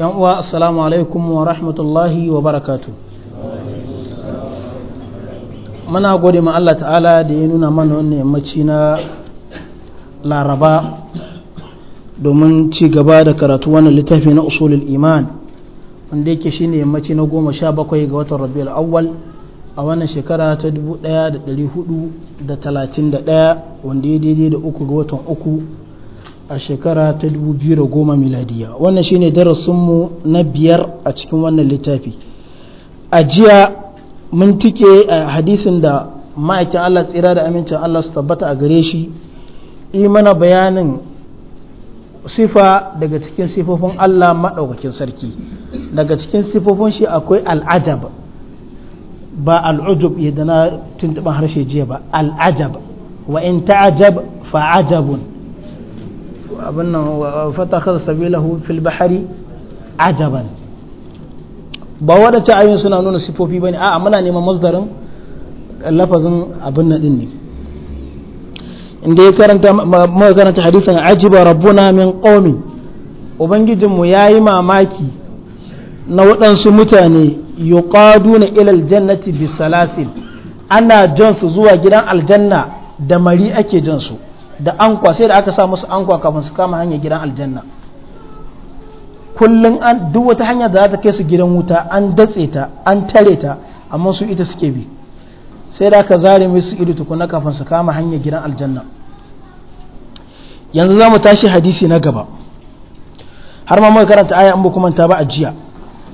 yan uwa assalamu alaikum wa rahmatullahi wa barakatu muna gode ma Allah ta'ala da ya nuna mana wannan yammaci na laraba domin ci gaba da karatu wannan littafi na usulul iman wanda yake shine yammaci na goma sha bakwai ga watan rabiul awwal a wannan shekara ta dubu da da hudu talatin 1431 wanda ya daidai da uku ga watan uku a shekara ta 2010 miladiya wannan shine darasinmu na biyar a cikin wannan littafi a jiya mun tike a hadisin da ma'aikin Allah tsira da amincin Allah su tabbata a gare shi mana bayanin sifa daga cikin sifofin Allah maɗaukakin sarki daga cikin sifofin shi akwai al'ajab ba al'ujub yadda na tuntuban harshe jiya ba al'ajab wa in ta'ajab fa'ajabun abin nan sabilahu fil bahari ajaban ba wadace ayoyin suna nuna sifofi ne a'a muna neman masdarin lafazin abin nan ne inda ya karanta muka hadisin ajiba rabbuna min qaumin ubangijinmu yayi mamaki na waɗansu mutane yuqaduna ila aljannati bisalasil ana jansu zuwa gidan aljanna da mari ake jansu su da ankwa sai da aka sa musu ankwa kafin su kama hanyar gidan aljanna kullum an duk wata hanya da za ta kai su gidan wuta an datse ta an tare ta amma su ita suke bi sai da aka zare su ido tukuna kafin su kama hanyar gidan aljanna yanzu za mu tashi hadisi na gaba har ma muka karanta aya an ba kuma ta ba a jiya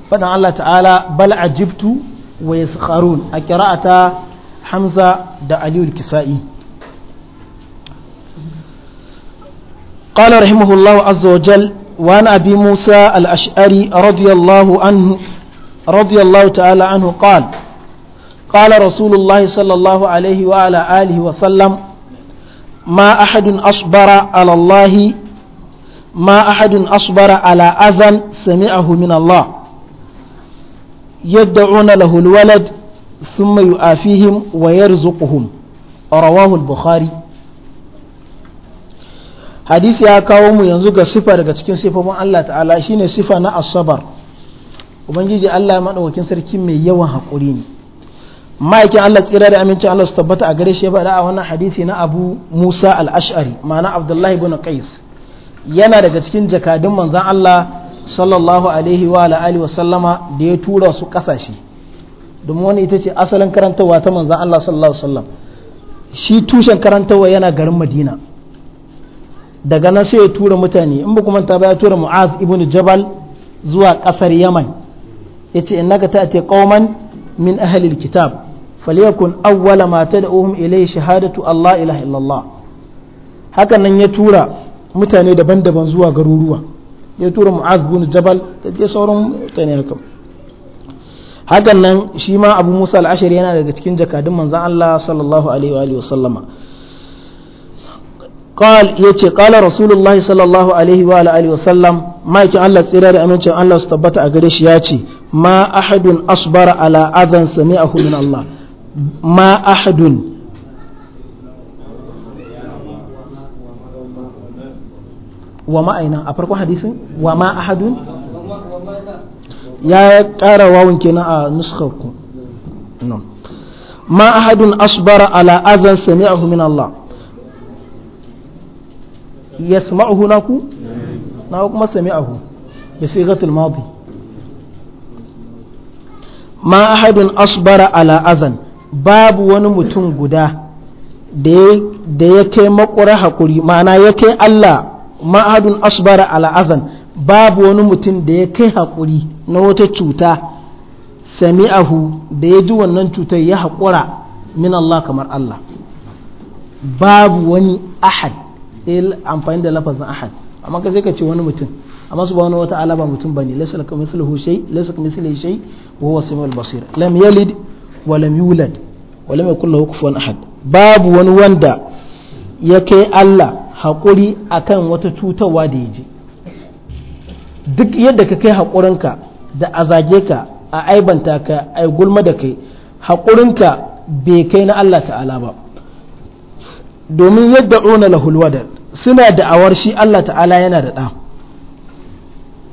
fadan Allah ta'ala bal ajibtu wa yaskharun a qira'ata hamza da aliyu kisai قال رحمه الله عز وجل وعن أبي موسى الأشعري رضي الله عنه رضي الله تعالى عنه قال قال رسول الله صلى الله عليه وعلى آله وسلم ما أحد أصبر على الله ما أحد أصبر على أذى سمعه من الله يدعون له الولد ثم يؤافيهم ويرزقهم رواه البخاري hadisi ya kawo mu yanzu ga sifa daga cikin sifofin Allah ta'ala shi ne sifa na asabar ubangiji Allah maɗaukakin sarki mai yawan haƙuri ne ma'aikin Allah tsira da amincin Allah su tabbata a gare shi ya faɗa a wannan hadisi na Abu Musa al-Ash'ari ma'ana Abdullahi ibn Qais yana daga cikin jakadun manzan Allah sallallahu alaihi wa alihi wa sallama da ya tura su kasashe domin wani ita ce asalin karantarwa ta manzan Allah sallallahu alaihi sallam shi tushen karantarwa yana garin Madina daga nan sai ya tura mutane in ba kuma ta ba ya tura mu'az ibn jabal zuwa kasar yaman ya ce innaka ta'ti qauman min ahli alkitab falyakun awwala ma tad'uhum ilayhi shahadatu allah ilaha illallah hakan nan ya tura mutane daban-daban zuwa garuruwa ya tura mu'az ibn jabal da dai sauran mutane haka hakan nan shi ma abu musa al-ashari yana daga cikin jakadun manzon allah sallallahu alaihi wa sallama قال يتي قال رسول الله صلى الله عليه وعلى آله وسلم ما يكي الله سيرار أمين الله استبت أقريش ياتي ما أحد أصبر على أذى سمعه من الله ما أحد وما أين أفرقوا حديث وما أحد يا كارا واون كنا نسخكم ما أحد أصبر على أذى سمعه من الله yasma'uhu naku na kuma sami'ahu bi sigatul madi ma asbara ala adhan babu wani mutum guda da ya kai makura haƙuri. ma'ana ya kai Allah ma asbara al'azan babu wani mutum da ya kai haƙuri na wata cuta sami'ahu da ya ji wannan cutar ya haƙura min Allah kamar Allah babu wani ahad yi amfani da lafazin ahad amma ka sai ka ce wani mutum amma subhanahu wata'ala ba mutum bane laysa ka mithluhu shay laysa ka mithlihi shay wa huwa samiul basir lam yalid wa lam yulad wa lam yakul lahu kufuwan ahad babu wani wanda ya kai Allah hakuri akan wata cutarwa da yaji duk yadda ka kai hakurinka da a ka a aibanta ka a gulma da kai hakurinka bai kai na Allah ta'ala ba domin yadda ona lahul wadal suna da'awar shi Allah ta'ala yana da ɗa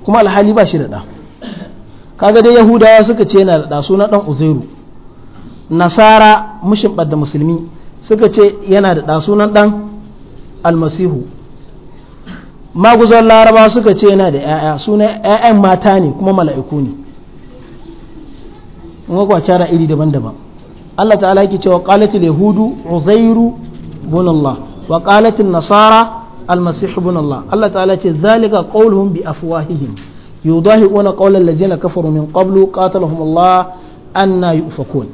kuma alhali ba shi da ɗa kaga dai yahudawa suka ce yana da ɗa suna ɗan uzairu nasara mushimbar da musulmi suka ce yana da ɗa sunan ɗan almasihu maguzan laraba suka ce yana da 'ya'ya suna 'ya'yan mata ne kuma mala'iku ne in iri daban-daban Allah ta'ala yake cewa qalatul yahudu uzairu bunallah wa qalatin nasara المسيح ابن الله الله تعالى ذلك قولهم بأفواههم يضاهئون قول الذين كفروا من قبل قاتلهم الله أن يؤفكون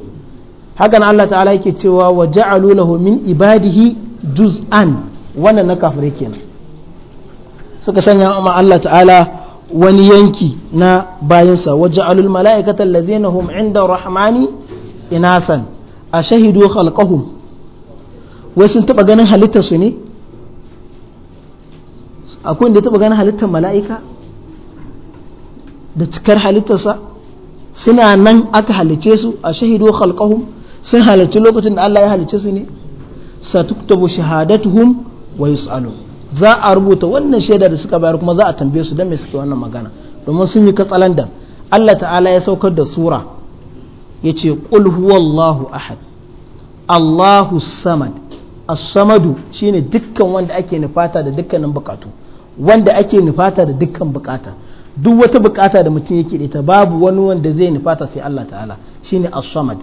هكذا الله تعالى يكتوى وجعلوا له من عباده جزءا وانا نكافر كنا سكسنا مع الله تعالى wani yanki na bayansa wajen alul mala'ikatar lazina hum inda rahmani inasan a shahidu khalqahum wai sun taba ganin halittar su ne akwai wanda ya taba ganin halittar mala'ika da cikar halittarsa suna nan aka halice su a shahidu khalqahum sun halarci lokacin da Allah ya halice su ne satuktabu shahadatuhum wa yus'alu za a rubuta wannan shaida da suka bayar kuma za a tambaye su da me suke wannan magana domin sun yi katsalandan Allah ta'ala ya saukar da sura yace qul huwallahu ahad Allahu samad as-samadu shine dukkan wanda ake nufata da dukkanin bukatu wanda ake nufata da dukkan bukata duk wata bukata da mutum yake da ita babu wani wanda zai nufata sai Allah ta'ala shine as-samad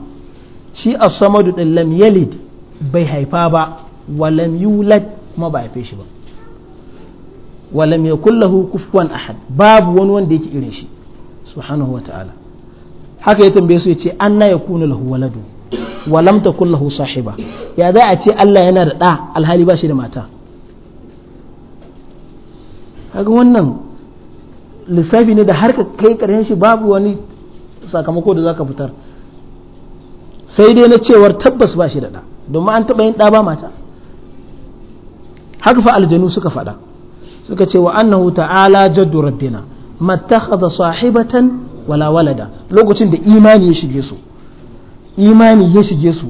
shi as-samadu din lam yalid bai haifa ba wa lam yulad kuma ba haife shi ba wa yakul lahu kufuwan ahad babu wani wanda yake irin shi subhanahu wa ta'ala haka ya tambaye su ya ce anna yakunu lahu waladu. Walamta ta takul lahu sahiba ya za a ce Allah yana da ɗa alhali ba shi da mata haka wannan lissafi ne da har ka kai ƙarshen shi babu wani sakamako da za ka fitar sai dai na cewar tabbas ba shi da ɗa domin an taba yin ɗa ba mata haka fa aljanu suka faɗa suka ce wa annahu ta'ala jaddu rabbina mattakhadha sahibatan wala walada lokacin da imani ya shige su imani ya shige su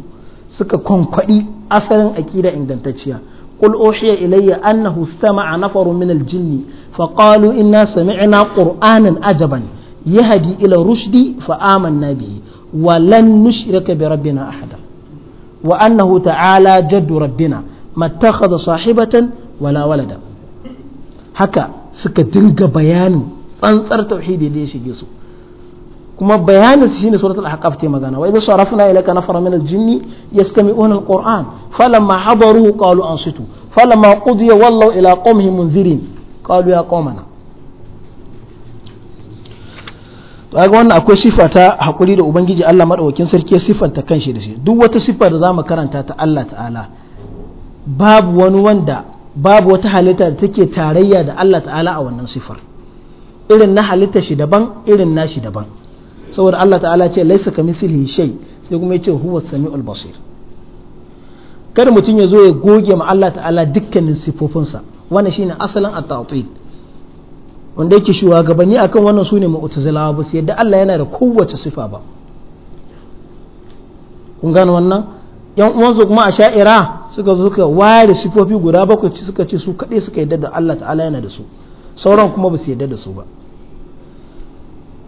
suka kwankwaɗi asalin aƙida ingantacciya قل أوحي إلي أنه استمع نفر من الجن فقالوا إنا سمعنا قرآنا عجبا يهدي إلى رشد فآمنا به ولن نشرك بربنا أحدا وأنه تعالى جد ربنا ما اتخذ صاحبة ولا ولدا هكا سكتنك بيان فانصر توحيد ديش جيسو kuma bayanin su shine suratul ahqaf ta magana wa idza sarafna ilayka nafara min al kur'an yastami'una al-qur'an falamma hadaru qalu ansitu falamma qudiya wallahu ila qaumihim munzirin qalu ya qaumana to ga wannan akwai sifa ta hakuri da ubangiji Allah madaukakin sarki ya sifanta kanshi da shi duk wata sifa da zamu karanta ta Allah ta'ala babu wani wanda babu wata halitta da take tarayya da Allah ta'ala a wannan sifar irin na halitta shi daban irin nashi daban saboda Allah ta'ala ce laisa kamithlihi shay sai kuma ya ce huwa samiul basir kada mutum ya zo ya goge ma Allah ta'ala dukkanin sifofinsa wannan shine asalin at-ta'til wanda yake shugabanni akan wannan sune mu'tazilawa ba su yadda Allah yana da kowace sifa ba kun gane wannan yan uwansu kuma a sha'ira suka zo suka ware sifofi guda bakwai suka ce su kaɗai suka yadda da Allah ta'ala yana da su sauran kuma ba su yadda da su ba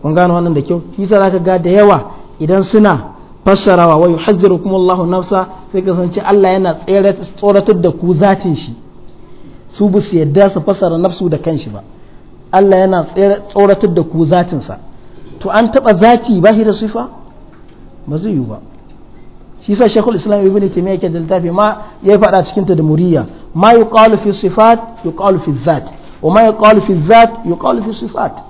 kun gano wannan da kyau shi yasa zaka ga da yawa idan suna fassarawa wa yuhazzirukum Allahu nafsa sai ka sanci Allah yana tsoratar da ku zatin shi su bu su yadda su fassara nafsu da kanshi ba Allah yana tsoratar da ku zatinsa to an taba zati ba shi da sifa ba zai yi ba shi yasa shekul islam ibn taymiyyah ke da littafi ma ya faɗa cikin ta da muriya ma yuqalu fi sifat yuqalu fi zati wa ma yuqalu fi zati yuqalu fi sifat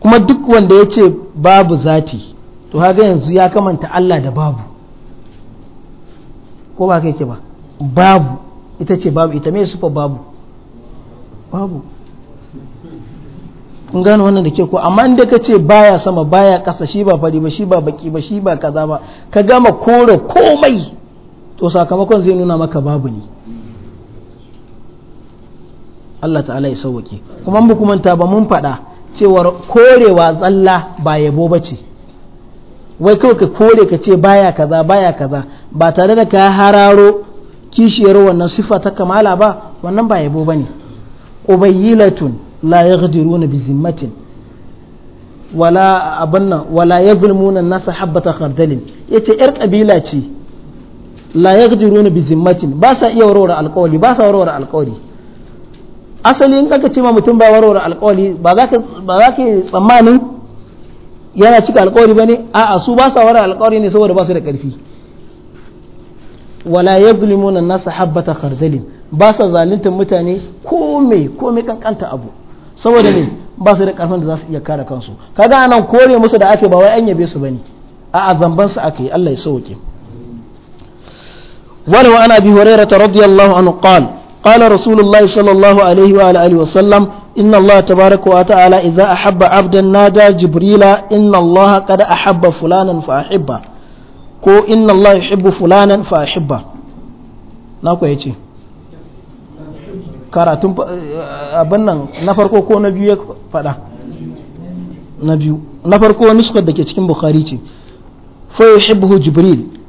kuma duk wanda ya ce babu zati to haga yanzu ya kamanta Allah da babu ko ba kai ke ba babu ita ce babu ita mai sufa babu babu kun gano wannan da ke ko amma inda ka ce baya sama baya kasa shi ba fari ba shi ba baki ba shi ba kaza ba ka gama kore komai to sakamakon zai nuna maka babu ne Allah ta'ala ya sauwake kuma mu ta ba mun faɗa cewar korewa tsalla ba yabo ba ce wai kawai ka kore ka ce baya kaza baya kaza ba tare da ka hararo kishiyar wannan sifa ta kamala ba wannan ba yabo ba ne ubayyilatun la ya gajiru na bizimmatin wala abanna wala ya zulmunan nasa habbata ya yace yar ƙabila ce la ya gajiru na bizimmatin ba sa iya warware alƙawari ba sa warware alƙawari asali in kaka ce ma mutum ba warware alkawari ba za ka tsammanin yana cika alkawari ba ne a su ba sa warar alkawari ne saboda ba su da karfi wala ya zulmuna nasa habbata kardalin ba sa zalintar mutane kome kome kankanta abu saboda ne ba su da karfin da za su iya kare kansu kaga anan kore musu da ake ba wai an yabe su ba bane a'a zamban su aka yi Allah ya sauke wa أنا أبي هريرة رضي radiyallahu anhu qala قال رسول الله صلى الله عليه وآله وسلم إن الله تبارك وتعالى إذا أحب عبدا نادى جبريل إن الله قد أحب فلانا فأحبه كو إن الله يحب فلانا فأحبه ناكو يجي karatun abin nan na farko ko na biyu ya faɗa na biyu na farko nuskar da ke cikin bukhari ce fa yuhibbuhu jibril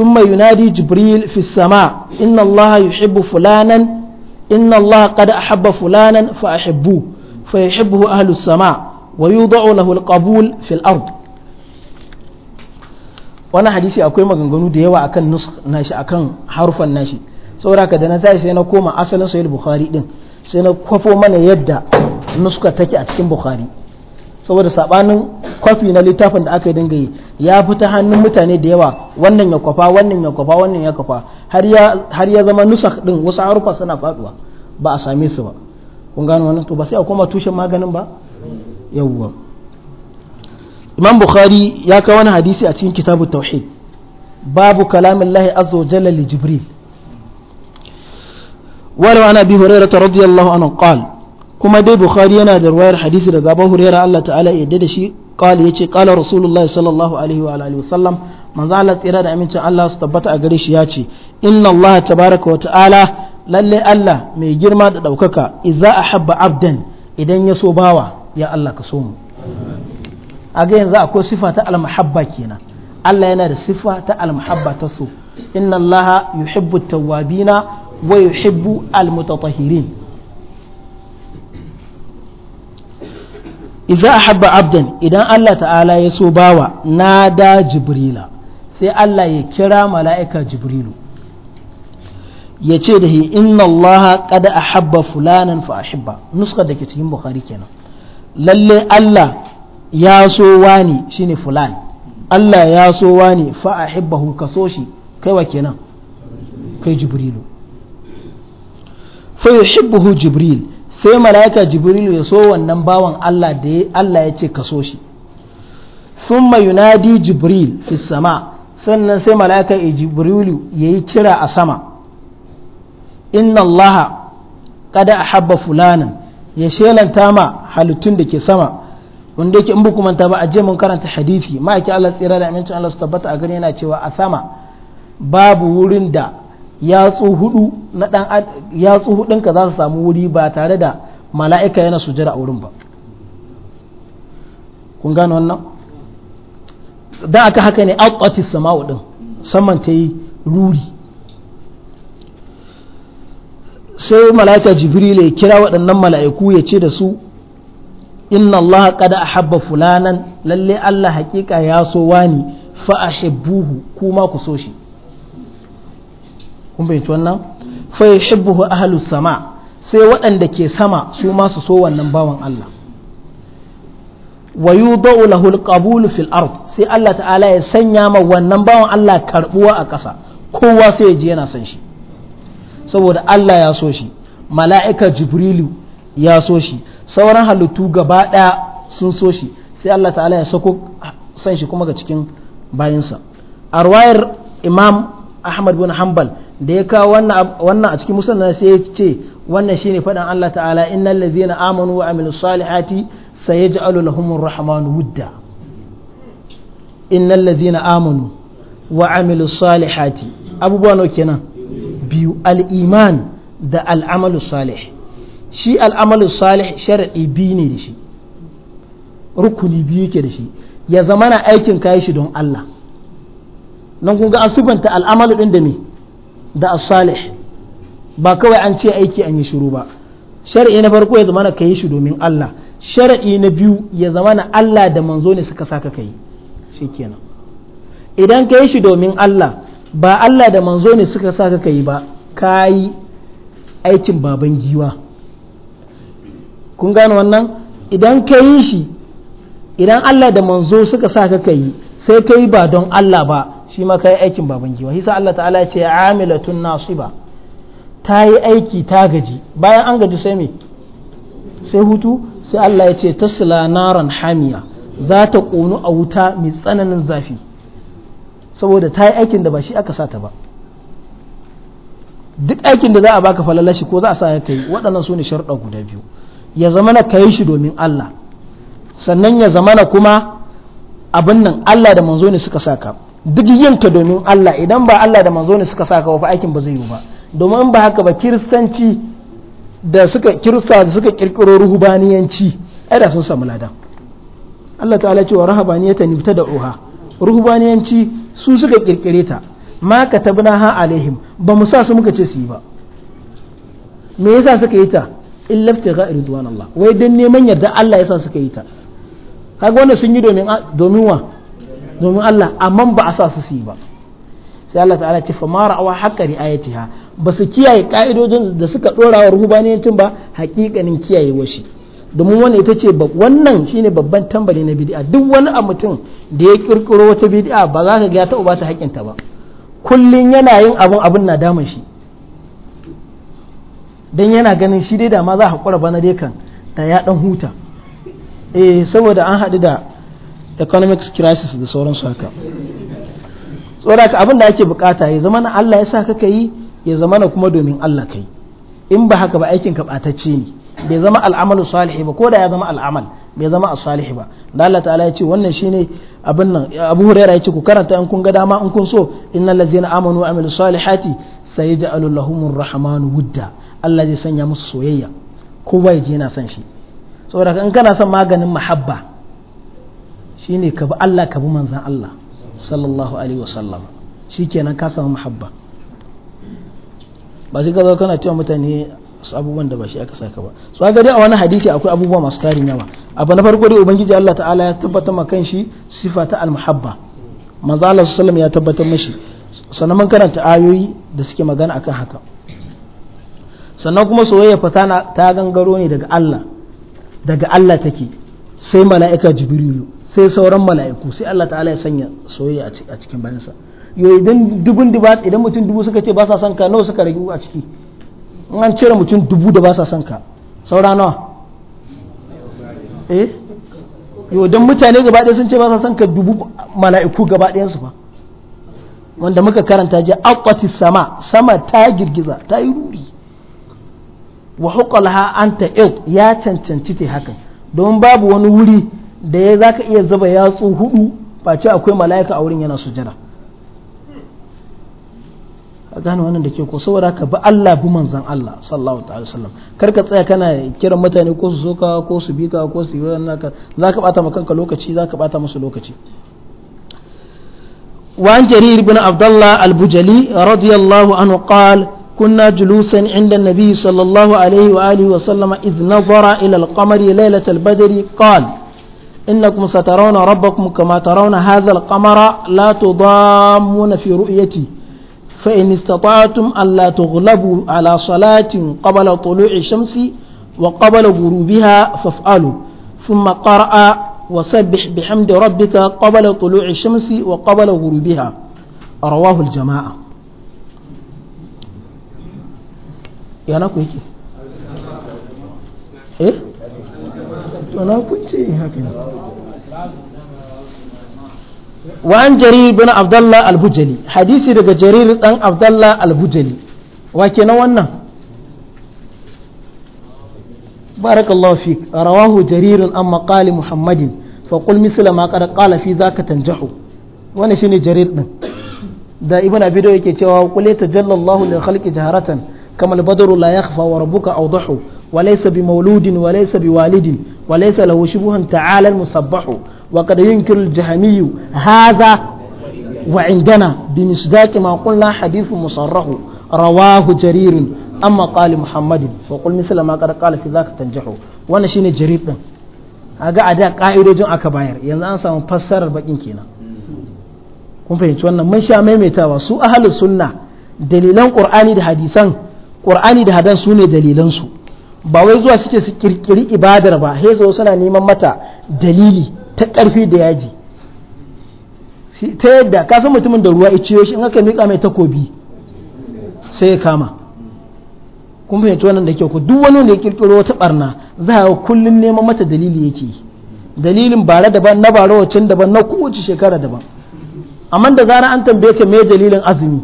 ثم ينادي جبريل في السماء إن الله يحب فلانا إن الله قد أحب فلانا فأحبوه فيحبه أهل السماء ويوضع له القبول في الأرض وانا حديثي akwai maganganu da yawa akan nusk nashi akan harufan nashi saboda ka da na tashi sai na koma asalin sahih bukhari din sai na kwafo mana yadda nuska take a cikin bukhari saboda sabanin kwafi na littafin da aka dinga yi ya fi ta hannun mutane da yawa wannan ya kwafa wannan ya kwafa wannan ya kwafa har ya zama nusar ɗin wasu harufa suna faduwa ba a same su ba kun gano wannan to ba sai a koma tushen maganin ba yawwa imam bukhari ya kawo wani hadisi a cikin kitabu tauhid babu kalamin lahi azza wa jalla li jibril wa rawana bi hurairah radiyallahu anhu qala kuma dai bukhari yana da ruwayar hadisi daga abu huraira allah ta'ala yadda da shi qala yace qala rasulullahi sallallahu alaihi wa alihi wasallam manzo allah tsira da amincin allah su tabbata a gare shi yace inna allah tabaraka wa ta'ala lalle allah mai girma da daukaka idza ahabba abdan idan ya so bawa ya allah ka so mu a ga yanzu akwai sifa ta almahabba kenan allah yana da sifa ta almahabba ta so inna allah yuhibbu tawwabina wa yuhibbu almutatahirin iza ahabba abdan idan Allah ta'ala ya so bawa nada jibrila sai Allah ya kira mala'ika jibrilu ya ce da hi inna Allah qad ahabba fulanan fa ahibba nuskar da ke cikin bukari kenan lalle Allah ya so wani shine fulan Allah ya so wani fa ahibbahu ka so shi kai wa kenan kai jibrilu fa yuhibbuhu jibril sai mala'ika jibrilu ya so wannan bawan Allah da Allah ya ce ka so shi thumma yunadi jibril fi sama sannan sai mala'ika jibrilu yi kira a sama inna Allah kada ahabba fulanan ya shelanta ma halittun da ke sama wanda yake in buku manta ba a je mun karanta hadisi ma'aikin Allah tsira da amincin Allah su tabbata a gani yana cewa a sama babu wurin da yatsu hudu na dan za su samu wuri ba tare da mala'ika yana jira a wurin ba kun gano wannan da aka haka ne outwatis sama'u din saman ta yi ruri sai mala'ika jibril ya kira waɗannan mala'iku ya ce da su inna Allah qad a habba fulanan lalle Allah hakika ya so wani fa a kuma ku so shi kun fahimci wannan fa yuhibbuhu ahlu sama sai waɗanda ke sama su ma su so wannan bawan Allah wa yudau lahu alqabul fil ard sai Allah ta'ala ya sanya ma wannan bawan Allah karbuwa a ƙasa kowa sai ya ji yana sanshi. shi saboda Allah ya so shi mala'ika jibrilu ya so shi sauran halittu gaba ɗaya sun so shi sai Allah ta'ala ya sako san shi kuma ga cikin bayinsa a imam ahmad bin hanbal da ya kawo wannan a cikin musulman sai ya ce wannan shine faɗin allah ta'ala innal ladzina amanu wa amilus salihati sayaj'alu lahumur rahmanu wudda innal ladzina amanu wa amilus salihati abubuwa nawa kenan biyu al-iman da al-amalu salih shi al-amalu salih shar'i biyu ne da shi rukuni biyu ke da shi ya zamana aikin kai shi don Allah nan kun ga an sifanta al'amalu din da me da as-salih ba kawai an ce aiki an yi shiru ba shar'i na farko ya zama na kai shi domin Allah shar'i na biyu ya zama na Allah da manzo ne suka saka kai shikenan idan kai shi domin Allah ba Allah da manzo ne suka saka kai ba kai aikin baban giwa kun gane wannan idan ka yi shi idan Allah da manzo suka saka kai sai ka yi ba don Allah ba shi ma kai aikin baban giwa hisa Allah ta'ala ya ce amilatun nasiba ta yi aiki ta gaji bayan an gaji sai me sai hutu sai Allah ya ce tasla naran hamiya za ta ƙonu a wuta mai tsananin zafi saboda ta yi aikin da ba shi aka sata ba duk aikin da za a baka falalashi ko za a sa ka yi waɗannan su ne sharuɗa guda biyu ya zama na kayi shi domin Allah sannan ya zama na kuma abin nan Allah da manzo ne suka saka duk ka domin Allah idan ba Allah da manzo ne suka saka wafa aikin ba zai yi ba domin ba haka ba kiristanci da suka kirista da suka kirkiro ruhubaniyanci ai da sun samu ladan Allah ta'ala cewa rahabaniyata ni da oha ruhubaniyanci su suka kirkire ta ma ka tabna ha alaihim ba mu sa su muka ce su yi ba me yasa suka yi ta illa ibtigha ridwan Allah wai dan neman yarda Allah yasa suka yi ta kaga wannan sun yi domin domin wa domin Allah amma ba a sa su su yi ba sai Allah ta'ala ce fa mara awa haka ri'ayatiha ba su kiyaye ka'idojin da suka dora wa ruhubaniyancin ba hakikanin kiyaye washi domin wannan ita ce wannan shine babban tambari na bid'a duk wani a mutum da ya kirkiro wata bid'a ba za ka ga ta ubata ta ba Kullum yana yin abun abun na damun shi Don yana ganin shi dai da ma za a hakura bana dai kan da ya ɗan huta eh saboda an haɗu da economic crisis da sauransu haka saboda ka abin da ake bukata ya zama na Allah ya sa ka yi ya zama na kuma domin Allah kai in ba haka ba aikin ka batacce ne bai zama al'amalu salihi ba ko da ya zama al'amal bai zama as-salihi ba da Allah ta'ala ya ce wannan shine abin nan Abu Hurairah ya ce ku karanta in kun ga dama in kun so innal ladzina amanu wa amilus salihati sayaj'alu lahumur rahmanu wudda Allah zai sanya musu soyayya kowa ya je yana son shi saboda in kana son maganin mahabba ne ka bi Allah ka bi manzan Allah sallallahu alaihi wasallam kenan ka samu muhabba ba sai ka zo kana cewa mutane su abubuwan da ba shi aka saka ba so ga dai a wani hadisi akwai abubuwa masu tarin yawa abu na farko dai ubangiji Allah ta'ala ya tabbatar ma kanshi sifa ta al-muhabba manzo Allah sallallahu ya tabbatar mashi sannan mun karanta ayoyi da suke magana akan haka sannan kuma soyayya fata ta gangaro ne daga Allah daga Allah take sai mala'ika jibrilu sai sauran mala'iku sai Allah ta'ala ya sanya soyayya a cikin bayansa yo idan dubun diba idan mutum dubu suka ce ba sa son ka nawa suka ragu a ciki in an cire mutum dubu da ba sa son ka saura nawa eh yo dan mutane gaba ɗaya sun ce ba sa son ka dubu mala'iku gaba ɗayan su fa wanda muka karanta ji aqati sama sama ta girgiza ta yi ruri wa huqalaha anta ya cancanci ta hakan don babu wani wuri da ya zaka iya zuba yatsu hudu face akwai mala'ika a wurin yana sujada a gane wannan da ke ko saboda ka bi Allah bi manzan Allah sallallahu ta'ala sallam kar ka tsaya kana kiran mutane ko su soka ko su bika ko su yi wannan ka za ka bata maka kanka lokaci za ka bata musu lokaci وعن جرير بن عبد الله البجلي رضي الله عنه قال كنا جلوسا عند النبي صلى الله عليه وآله وسلم إذ نظر إلى القمر ليلة البدر قال innakum satarawna rabbakum kama tarawna hadha al-qamara la tudammuna fi ru'yati fa in istata'tum an la tughlabu ala salatin qabla tulu'i shamsi wa qabla ghurubiha faf'alu thumma qara'a wa sabbih bihamdi rabbika qabla tulu'i shamsi wa qabla ghurubiha rawahu al talakunce yin haka ne bin abdallah albujali hadisi daga jarir dan abdallah albujali wa ke na wannan barakallahu fi rawahu jaririn an maƙali muhammadin faƙul misila ma ƙada ƙala fi za ka wani shi ne ɗin da ibina bidiyo yake cewa ƙule ta jallallahu da halki jaharatan kamar badaru la ya kafa wa rabuka وليس بمولود وليس بوالد وليس له شبه تعالى المصبح وقد ينكر الجهمي هذا وعندنا بمصداق ما قلنا حديث مصرح رواه جرير أما قال محمد وقل مثل ما قد قال في ذاك تنجح وانا شيني جرير دن aga a da ƙa'idojin aka bayar yanzu an samu fassarar bakin kenan kun fahimci wannan man sha maimaitawa su ahalus sunna dalilan qur'ani da hadisan qur'ani da hadan su ne dalilansu ba wai zuwa suke su kirkiri ibadar ba sai zo suna neman mata dalili ta karfi da yaji ta yadda ka san mutumin da ruwa iciyo shi in aka mika mai takobi sai ya kama kun fahimci wannan da kyau duk wani ne ya kirkiro wata barna za a kullun neman mata dalili yake dalilin bare daban na bare wacin daban na kowace shekara daban amma da zara an tambaye ka me dalilin azumi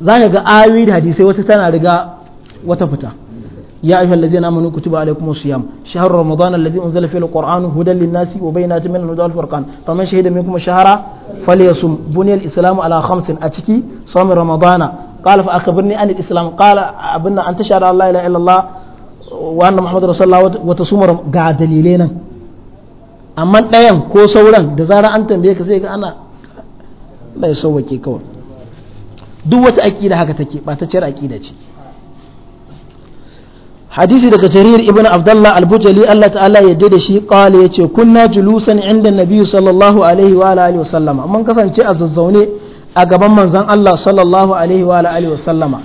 za ka ga ayoyi da hadisai wata tana riga wata fita يا أيها الذين آمنوا كتب عليكم الصيام شهر رمضان الذي أنزل فيه القرآن هدى للناس وبينات من الهدى والفرقان فمن شهد منكم الشهر فليصم بني الإسلام على خمس أتكي صام رمضان قال فأخبرني عن الإسلام قال أبنا أن تشهد لا إله إلا الله وأن محمد رسول الله وتصوم قاع دليلين أما الأيام كو سولا دزارة أنت بيك سيك أنا لا يسوى كي كون دوة أكيدة هكذا تكي ما تشير أكيدة شيء hadisi daga jarir ibn abdullah al-bujali Allah ta'ala ya da shi qala yace kunna julusan inda nabi sallallahu alaihi wa alihi wa sallama mun kasance a zazzaune a gaban manzon Allah sallallahu alaihi wa alihi wa sallama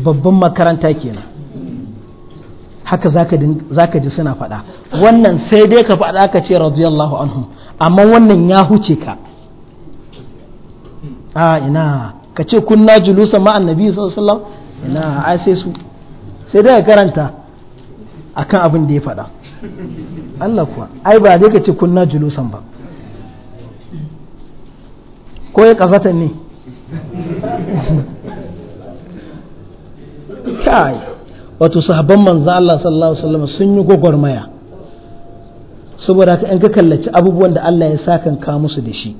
babban makaranta kenan haka zaka ji suna faɗa wannan sai dai ka faɗa ka ce radiyallahu anhu amma wannan ya huce ka a ina ka ce kunna julusan ma'an nabi sallallahu alaihi wa sallam ina ai sai su sai dai karanta akan abin da ya faɗa Allah kuwa ai ba dai ka ce kunna julusan ba ko ya kazatan ne kai wato sahabban manzan Allah sallallahu alaihi wasallam sun yi gwagwarmaya saboda haka in ka kallaci abubuwan da Allah ya kan ka musu da shi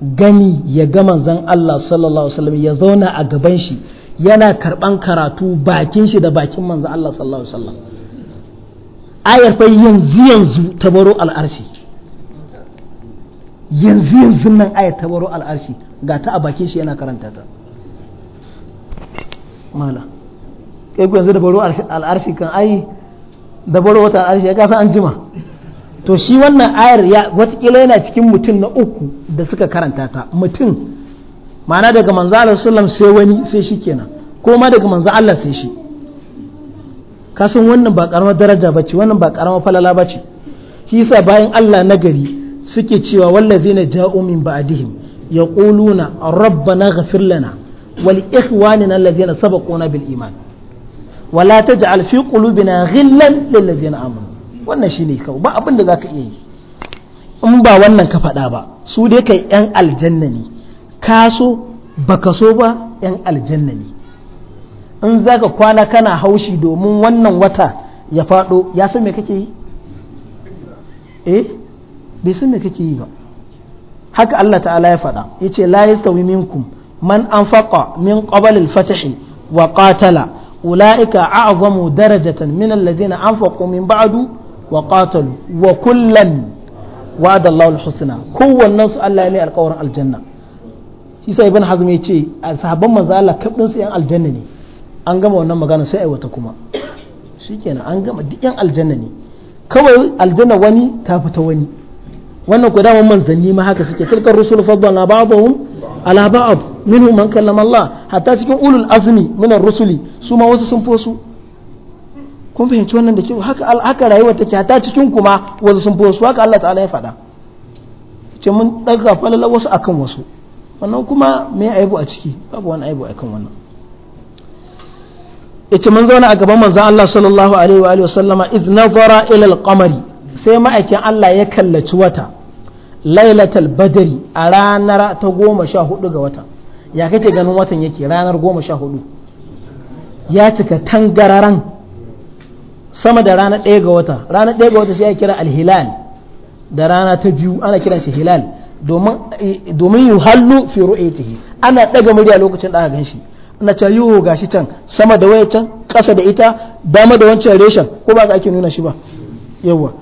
gani ya ga manzan Allah sallallahu alaihi wasallam ya zauna a gaban shi yana karban karatu bakin shi da bakin manzan Allah sallallahu alaihi wasallam ayar fa yanzu yanzu ta baro al'arshi yanzu yanzu nan ayar ta baro al'arshi ga ta a bakin shi yana karanta ta mala kai ku yanzu da baro al'arshi kan ai da baro wata al'arshi ya kasa an jima to shi wannan ayar ya watakila yana cikin mutum na uku da suka karanta ta mutum ma'ana daga manzo Allah sallam sai wani sai shi kenan ko ma daga manzo Allah sai shi kasan wannan ba karamar daraja ba ce wannan ba karamar falala ba ce shi yasa bayan Allah nagari suke cewa wallazina ja'u min ba'dihim yaquluna rabbana ghafir lana wal ikhwanina alladhina sabaquna bil iman wala taj'al fi qulubina ghillan lil ladzina amanu wannan shine kawai ba abin da zaka iya yi in ba wannan ka faɗa ba su dai kai yan aljanna ne ka so baka so ba yan aljanna ne in za ka kwana kana haushi domin wannan wata ya faɗo ya san me kake yi eh bai san me kake yi ba haka Allah ta'ala ya faɗa ya ce la yastawi minkum man anfaqa min qabl al-fath wa qatala ulaika a'zamu darajatan min alladhina anfaqu min ba'du wa qatalu wa kullan wa'ada Allahu al-husna kowannan su Allah ya ne alƙawarin aljanna shi sai ibn hazm ya ce sahabban manzo Allah su yan aljanna ne an gama wannan magana sai aiwata kuma shikenan an gama duk yan aljanna ne kawai aljanna wani ta fita wani wannan ku dama manzanni ma haka suke tilkar rusul faddala ba'dhum ala ba'd minhum man kallama Allah hatta cikin ulul azmi minar rusuli su ma wasu sun fosu kun fahimci wannan da ke haka haka rayuwa take hatta cikin kuma wasu sun fosu haka Allah ta'ala ya faɗa ce mun daga falala wasu akan wasu wannan kuma me aibu a ciki babu wani aibu akan wannan ita mun zauna a gaban manzon Allah sallallahu alaihi wa alihi wasallama id nazara ila al-qamari sai ma'aikin Allah ya kallaci wata lailatul badri a ranar ta goma sha hudu ga wata ya kake ganin watan yake ranar goma sha hudu ya cika tangararan sama da rana ɗaya ga wata rana ɗaya ga wata sai ya kira al-hilal da rana ta biyu ana kiran shi hilal eh, domin yuhallu fi ru'yatihi ana ɗaga murya lokacin da aka gan shi na ta yiwu gashi can sama da waya can ƙasa da ita dama da wancan reshen ko ba ka ake nuna shi ba yawa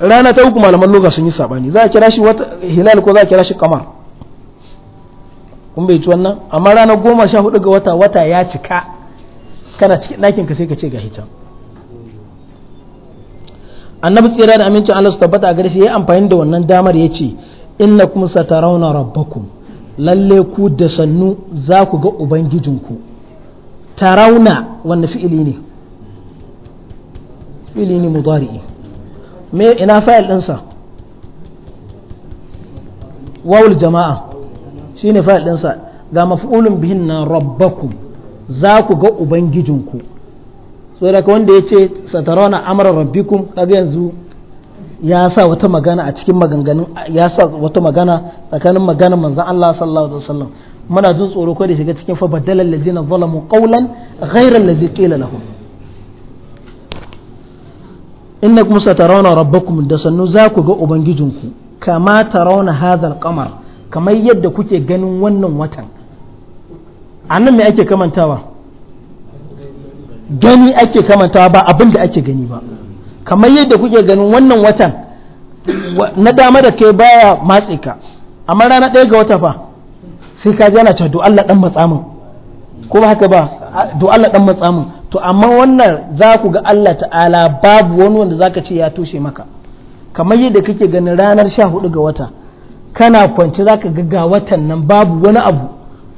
rana ta uku malaman loga sun yi sabani za a kira shi wata hilal ko za a kira shi kamar kun bai ci wannan amma ranar goma sha hudu ga wata wata ya cika kana cikin ɗakin ka sai ka ce gashi can annabi tsira da amincin Allah su tabbata a gare shi ya amfani da wannan damar ya ce innakum satarawna rabbakum lalle ku da sannu za ku ga ubangijinku tarauna wanda fi'ili ne fi'ili ne mudari'i me ina fa'il ɗinsa wawul jama'a shi shine fa'il ɗinsa ga mafi'ulun bihin na rabbaku za ku ga ubangijinku so daga wanda ya ce satarauna amara rabbikum kaga yanzu ya sa wata magana a cikin maganganun ya sa wata magana tsakanin maganar manzon Allah sallallahu alaihi wasallam muna jin tsoro ko da shiga cikin fa badal allazina zalamu qawlan ghayra allazi qila lahum innakum satarawna rabbakum da sannu za ku ga ubangijinku kama tarawna hadha alqamar kamar yadda kuke ganin wannan watan anan me ake kamantawa gani ake kamantawa ba abin da ake gani ba kamar yadda kuke ganin wannan watan na dama da kai baya matse ka amma rana ɗaya ga wata fa sai ka jana ce do Allah dan matsa ko ba haka ba do Allah dan matsa to amma wannan za ku ga Allah ta'ala babu wani wanda zaka ce ya tushe maka kamar yadda kake ganin ranar 14 ga wata kana kwance zaka ga ga watan nan babu wani abu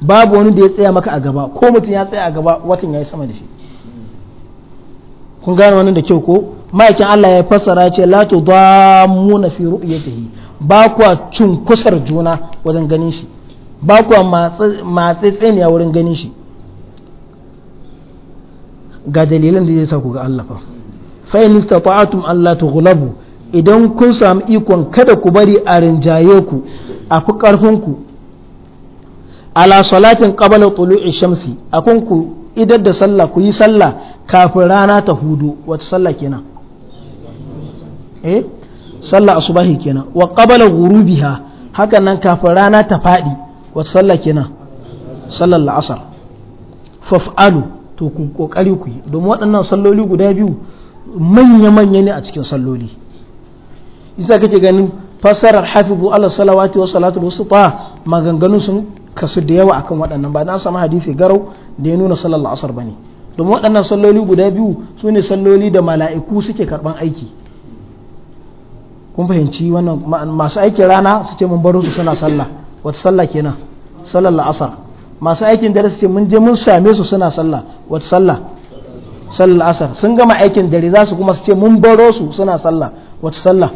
babu wani da ya tsaya maka a gaba ko mutum ya tsaya a gaba watan ya yi sama da shi kun gane wannan da kyau ko ma'aikin Allah ya fassara ce la na fi ru'yatihi ba kwa cunkusar juna wajen ganin shi ba kwa matsi tsaniya wurin ganin shi ga dalilan da zai sa ku ga Allah fa fa in Allah alla tughlabu idan kun samu ikon kada ku bari a rinjaye ku a fi karfin ku ala salatin qabla tulu'i shamsi akun ku idar da sallah ku yi sallah kafin rana ta hudu wata sallah kenan eh sallah asubahi kenan wa qabala ghurubiha hakan nan kafin rana ta fadi wa sallah kenan sallar la'asar faf'alu to ku kokari ku domin waɗannan salloli guda biyu manya manya ne a cikin salloli isa kake ganin fassarar hafizu Allah salawati wa salatu wusta maganganun sun kasu da yawa akan waɗannan ba na samu hadisi garau da ya nuna sallar la'asar bane domin waɗannan salloli guda biyu sune salloli da mala'iku suke karban aiki kun fahimci wannan masu aikin rana su ce mun baro su suna sallah wata sallah kenan sallar la'asar masu aikin dare su ce mun je mun same su suna sallah wata sallah sallar la'asar sun gama aikin dare za su kuma su ce mun baro su suna sallah wata sallah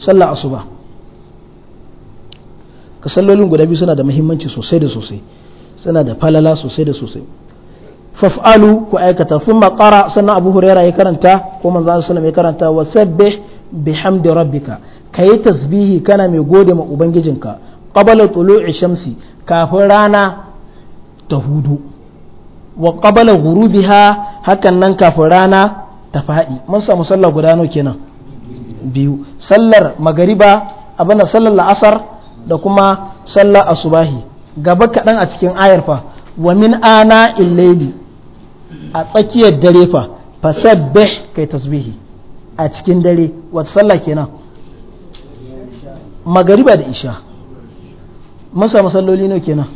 sallar asuba ka sallolin guda biyu suna da muhimmanci sosai da sosai suna da falala sosai da sosai faf'alu ku aikata sun makara sannan abu huraira ya karanta ko manzo sallallahu alaihi wasallam ya karanta wa sabbih bihamdi rabbika kayi tasbihi kana mai gode ma ubangijinka qabala tulu'i shamsi kafin rana ta hudu wa qabala ghurubiha hakan nan kafin rana ta faɗi mun samu sallah guda nawa kenan biyu sallar magariba abin da sallar la'asar da kuma sallar asubahi gaba kaɗan a cikin ayar fa wa min ana illaili a tsakiyar dare fa fasabbih kai tasbihi a cikin dare wata sallah kenan magariba da isha masa masalloli ne kenan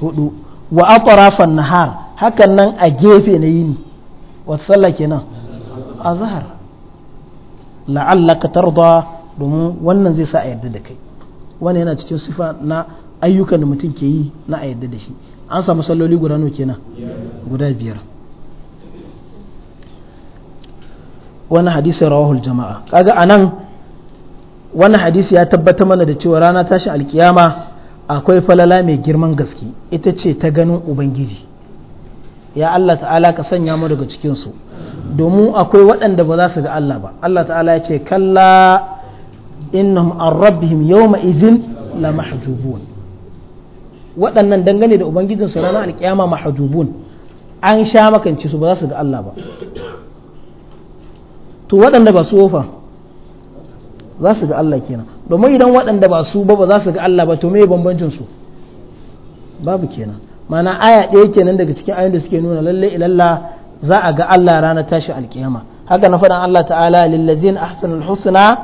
hudu wa atrafan nahar hakan nan a gefe na yini wata sallah kenan azhar la'allaka tarda domin wannan zai sa a yarda da kai wannan yana cikin sifa na ayyukan da mutum ke yi na a yarda da shi an samu salloli guda nawa kenan guda biyar wani hadisi rawahul jama'a kaga anan wani hadisi ya tabbatar mana da cewa rana tashin alkiyama akwai falala mai girman gaske ita ce ta ganin ubangiji ya Allah ta'ala ka sanya mu daga cikin su domin akwai waɗanda ba za su ga Allah ba Allah ta'ala ya ce kalla innahum an rabbihim yawma idhin la mahjubun waɗannan dangane da ubangijin su ranar alkiyama mahjubun an sha makance su ba za su ga Allah ba to waɗanda ba su wofa za su ga Allah kenan domin idan waɗanda ba su ba ba za su ga Allah ba to me bambancin su babu kenan mana aya ɗaya kenan daga cikin ayoyin da suke nuna lalle ilalla za a ga Allah ranar tashi alkiyama haka na faɗin Allah ta'ala lillazin ahsanul husna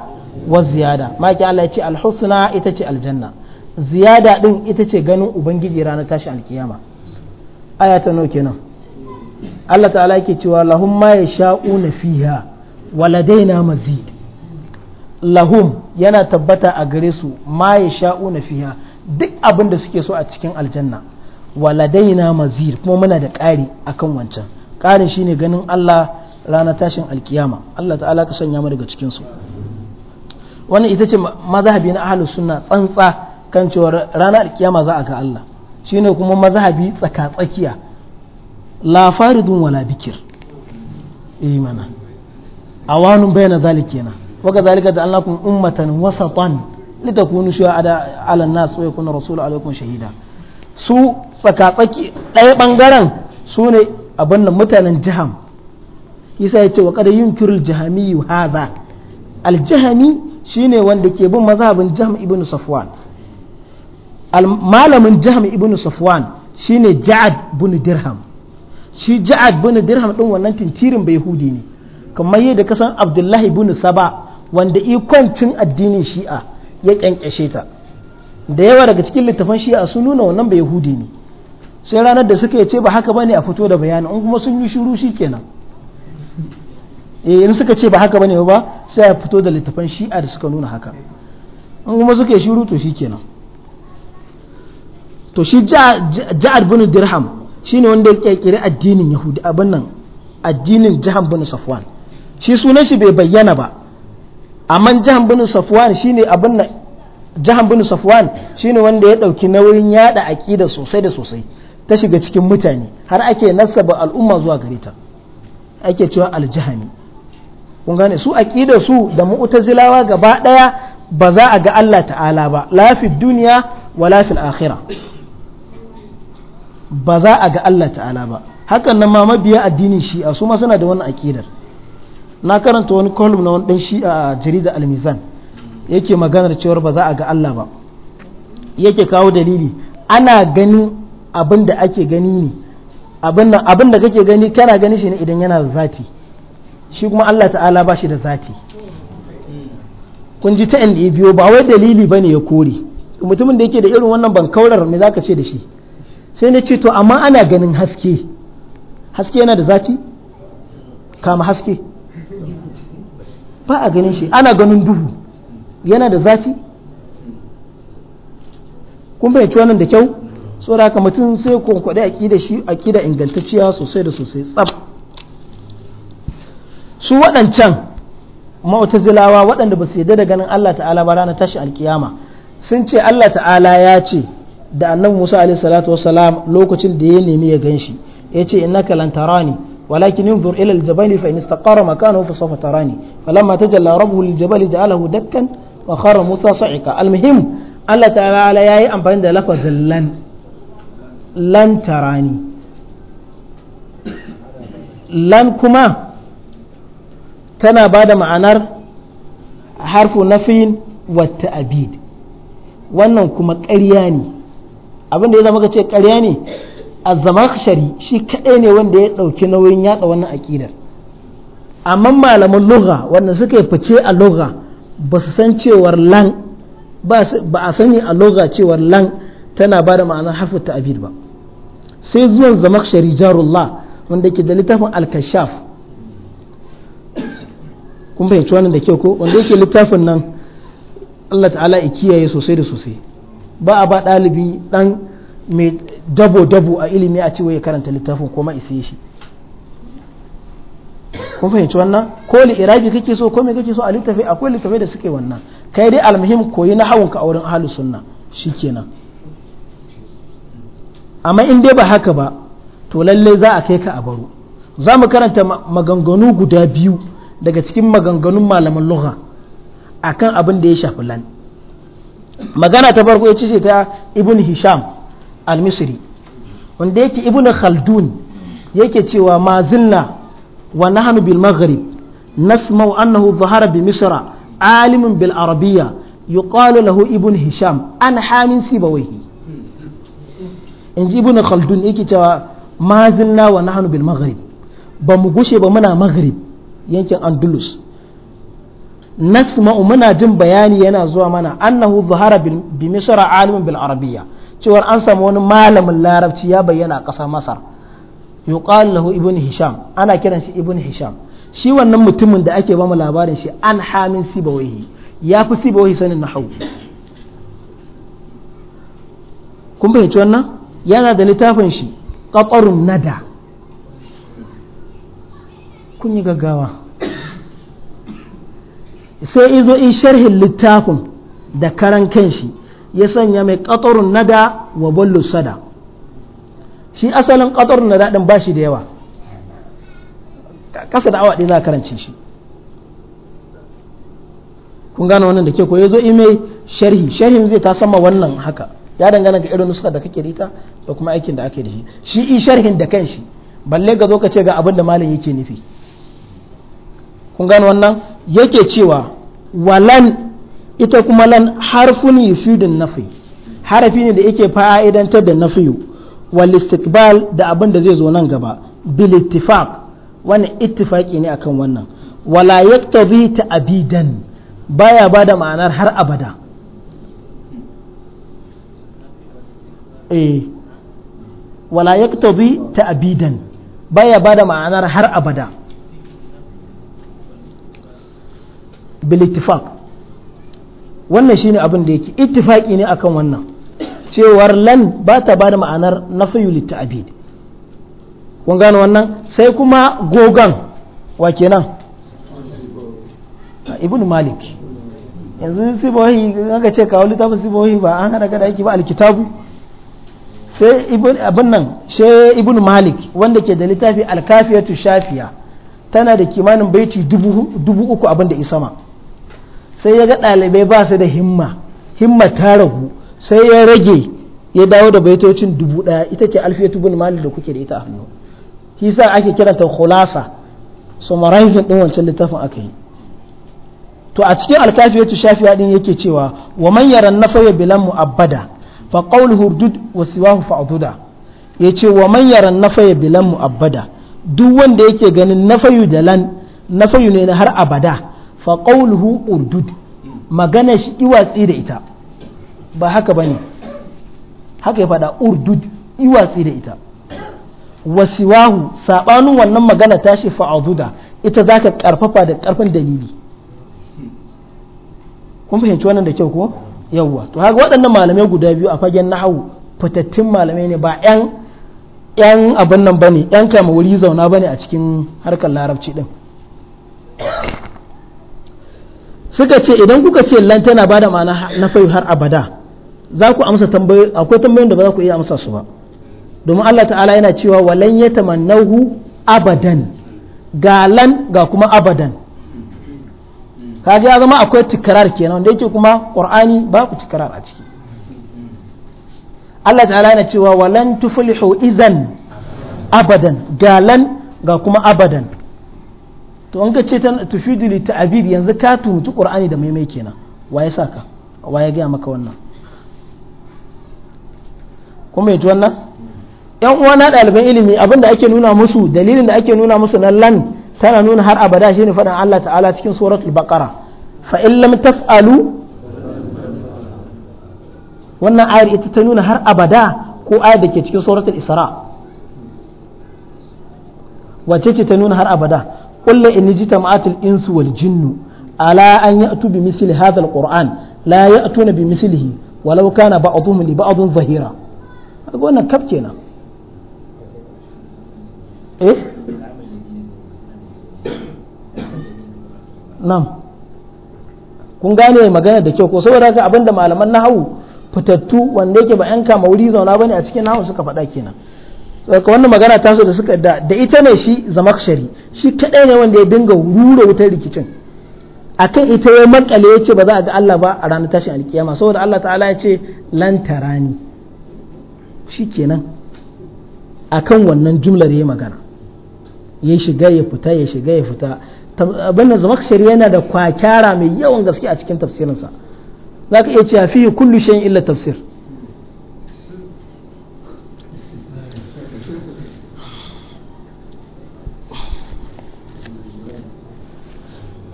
wa ziyada maki Allah ya ce alhusna ita ce aljanna ziyada din ita ce ganin ubangiji rana tashi alkiyama aya ta nawa kenan Allah ta'ala yake cewa lahum ma yasha'una fiha waladaina mazid lahum yana tabbata a gare su ma ya sha'una fiha duk abin da suke so a cikin aljanna waladaina mazid kuma muna da ƙari akan wancan ƙarin shine ganin Allah ranar tashin alkiyama Allah ta'ala ka sanya mu daga cikin su wannan ita ce mazhabi na ahlus sunna tsantsa kan cewa rana alkiyama za a ga Allah shine kuma mazhabi tsaka tsakiya la faridun wala bikir imana eh, awanun bayyana zalik kenan waka zalika allakun ummatan wasatan litakunu shuhada 'ala an-nas wa yakuna rasulu alaikum shahida su tsaka-tsaki ɗaya bangaren su ne abin mutanen jiham yasa ya ce wa kada yunkirul jahami hadha al-jahami shine wanda ke bin mazhabin jiham ibn safwan malamin jiham ibn safwan shine ja'ad bin dirham shi ja'ad bin dirham din wannan tintirin bai hudi ne kamar yadda kasan abdullahi ibn saba wanda ikoncin addinin shi'a ya kyankyashe ta da yawa daga cikin littafan shi'a sun nuna wannan bai yahudi ne sai ranar da suka ce ba haka bane a fito da bayani in kuma sun yi shiru shikenan eh in suka ce ba haka bane ba sai a fito da littafan shi'a da suka nuna haka in kuma suka yi shiru to shikenan to shi ja'ad bin dirham shine wanda ya kirkiri addinin yahudi abin nan addinin jahan bin safwan shi sunan shi bai bayyana ba amma jahan bin safwan shine abin nan jahan bin safwan shine wanda ya dauki nauyin yada aqida sosai da sosai ta shiga cikin mutane har ake nasaba al'umma zuwa gare ta ake cewa aljahami kun gane su aqida su da mu'tazilawa gaba daya ba za a ga Allah ta'ala ba la fi duniya wa fil akhirah ba za a ga Allah ta'ala ba hakan nan ma mabiya addinin shi'a su ma suna da wannan aqidar na karanta wani kolum na wani dan shi a jarida almizan yake maganar cewar ba za a ga Allah ba yake kawo dalili ana ganin abin da ake gani ne abin da kake gani kana gani shi ne idan yana da zati shi kuma Allah ta'ala ba shi da zati kun ji ta inda ya biyo ba wai dalili ba ne ya kore mutumin da yake da irin wannan ban kaurar me za ka ce da shi sai na ce to amma ana ganin haske haske yana da zati kama haske ba a ganin shi ana ganin duhu yana da zafi kun fahimci wannan da kyau saboda haka mutum sai kwankwaɗe akida shi aƙida ingantacciya sosai da sosai tsab su waɗancan ma'utazilawa waɗanda ba su yarda da ganin Allah ta'ala ba ranar tashi alkiyama sun ce Allah ta'ala ya ce da annabi Musa alaihi salatu wassalam lokacin da ya nemi ya ganshi shi ya ce innaka lan ne. ولكن انظر إلى الجبل فإن استقر مكانه فسوف تراني فلما تجلى ربه للجبل جعله دكا وخر موسى صعقا المهم الله تعالى يا أي أمبان ده لفظ لن لن تراني لن كما تنا بعد معنار حرف نفي والتأبيد wannan kuma ƙarya ne abin da ya zama ka ce ƙarya ne az shari shi kaɗai ne wanda ya ɗauki nauyin yaɗa wannan aƙidar amma malaman lugha wanda suka yi fice a lugha ba su san cewar lan ba a sani a lugha cewar lan tana ba da ma'anar harfu ta'bir ba sai zuwan zama shari jarullah wanda ke da littafin alkashaf kun fahimci wannan da kyau ko wanda yake littafin nan Allah ta'ala ya kiyaye sosai da sosai ba a ba ɗalibi ɗan mai dabo-dabo a ilimi a ce ya karanta littafin kuma isa shi kun fahimci wannan ko li irabi kake so ko me kake so a littafi akwai littafai da suke wannan kai dai almuhim koyi na ka a wurin ahlus sunna shikenan amma in dai ba haka ba to lallai za a kai ka a baro za mu karanta maganganu guda biyu daga cikin maganganun malaman lugha akan abin da ya shafi lan magana ta farko ya ce ta ibn hisham al wanda yake ibn khaldun yake cewa ma zinna wa nahnu bil maghrib nasma'u annahu dhahara bi misra alimun bil arabiyya yuqalu lahu ibn hisham an hamin sibawayhi in ji ibn khaldun yake cewa ma zinna wa nahnu bil maghrib ba mu gushe ba muna maghrib yankin andalus nasma'u muna jin bayani yana zuwa mana annahu dhahara bi misra alimun bil arabiyya cewar an samu wani malamin larabci ya bayyana a ƙasar masar yuqal lahu ibn hisham ana kiran shi ibn hisham shi wannan mutumin da ake ba mu labarin shi an hamin sibawahi ya fi sibawahi sanin nahawu kun fahimci wannan yana da littafin shi qatarun nada kun yi gaggawa sai izo in sharhin littafin da karan kanshi ya sanya mai qatarun nada wa ballu sada shi asalin qatarun nada ɗin ba shi da yawa kasa da awa ɗaya za a karance shi kun gane wannan da ke ko zo ime sharhi sharhin zai ta sama wannan haka ya dangana ga irin nuska da kake da ita da kuma aikin da ake da shi shi i sharhin da kanshi balle ga zo ka ce ga abin da malam yake nufi kun gane wannan yake cewa walan ita kuma lan harfun yufidun nafi harafi ne da yake fa'idantar da nafiyu wal istiqbal da abin da zai zo nan gaba bil ittifaq wani ittifaqi ne akan wannan wala yaktazi ta'bidan baya bada ma'anar har abada eh wala ta'bidan baya bada ma'anar har abada bil ittifaq wannan shine abin da yake ittifaki ne akan wannan cewar lan ba ta ba da ma'anar nafiyul ta'bid kun gano wannan sai kuma gogan wa kenan ah, ibn malik yanzu sibohi ga ce kawo littafin sibohi ba an hana kada yake ba alkitabu sai ibn abin nan sai ibn malik wanda ke da littafi alkafiyatu shafiya tana da kimanin baiti dubu uku abin da isama sai ya ga ɗalibai ba su da himma himma ta ragu sai ya rage ya dawo da baitocin dubu ɗaya ita ce alfiyatu bin mali da kuke da ita a hannu shi sa ake kiranta khulasa summarizing ɗin wancan littafin aka yi to a cikin alkafiyatu shafiya din yake cewa wa man na nafaya bilan mu'abbada fa qawluhu hurdud wa siwahu fa'duda yace wa man na nafaya bilan mu'abbada duk wanda yake ganin nafayu da lan nafayu ne na har abada fa qawluhu urdud magana shi iwatsi da ita ba haka bane haka ya faɗa urdud iwatsi da ita wasiwahu sabanin wannan magana tashi fa'aduda ita zaka karfafa da karfin dalili kun fahimci wannan da kyau ko yawwa to haka waɗannan malamai guda biyu a fagen nahawu fitattun malamai ne ba yan yan abin nan bane yan kama wuri zauna bane a cikin harkar larabci din suka ce idan kuka ce lan tana bada ma'ana na fayu har abada za ku amsa tambayoyi akwai tambayoyin da ba za ku iya amsa su ba domin Allah ta'ala yana cewa walan yatamannahu abadan ga lan ga kuma abadan kaga ya zama akwai tikrar kenan wanda yake kuma qur'ani ku tikrar a ciki Allah ta'ala yana cewa walan tuflihu idan abadan ga lan ga kuma abadan to an ka ce ta tufidu li ta'bid yanzu ka tuhumci qur'ani da maimai kenan waye saka waye ga maka wannan kuma yaji wannan yan uwa na ɗaliban ilimi abinda ake nuna musu dalilin da ake nuna musu na lan tana nuna har abada shine faɗin Allah ta'ala cikin suratul baqara fa in lam tas'alu wannan ayar ita ta nuna har abada ko ayar da ke cikin suratul isra wacce ce ta nuna har abada قل إن اجتمعت الإنس والجن على أن يأتوا بمثل هذا القرآن لا يأتون بمثله ولو كان بعضهم لبعض ظهيرا أقول أنا كبتنا إيه نعم kun gane magana da kyau ko saboda haka abinda malaman nahawu fitattu wanda yake ba 'yan kama wuri zauna bane a cikin nahawu suka faɗa kenan saboda wannan magana ta so da suka da da ita ne shi zamakshari shi kadai ne wanda ya dinga rura wutar rikicin akan ita ya makale ya ce ba za a ga Allah ba a ranar tashin alkiyama saboda Allah ta'ala ya ce lan tarani shikenan akan wannan jumlar ya magana ya shiga ya fita ya shiga ya fita abinda zamakshari yana da kwakyara mai yawan gaske a cikin tafsirinsa za ka iya cewa fi kullu shay'in illa tafsir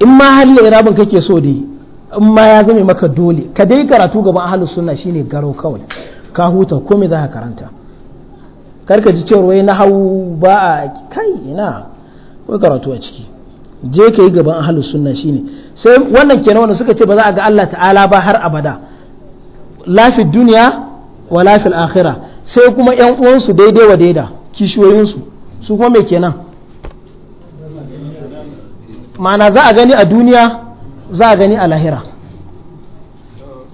in ma hali irabin kake so dai in ma ya zame maka dole ka dai karatu gaban ahlus sunna shine garo kawai ka huta ko me za ka karanta karka ji cewa wai na hau ba a kai ina ko karatu a ciki je ka yi gaban ahlus sunna shine sai wannan kenan wanda suka ce ba za a ga Allah ta'ala ba har abada lafi duniya wa lafi akhirah sai kuma yan uwansu daidai wa daida kishiyoyinsu su kuma me kenan ma'ana za a gani a duniya za a gani a lahira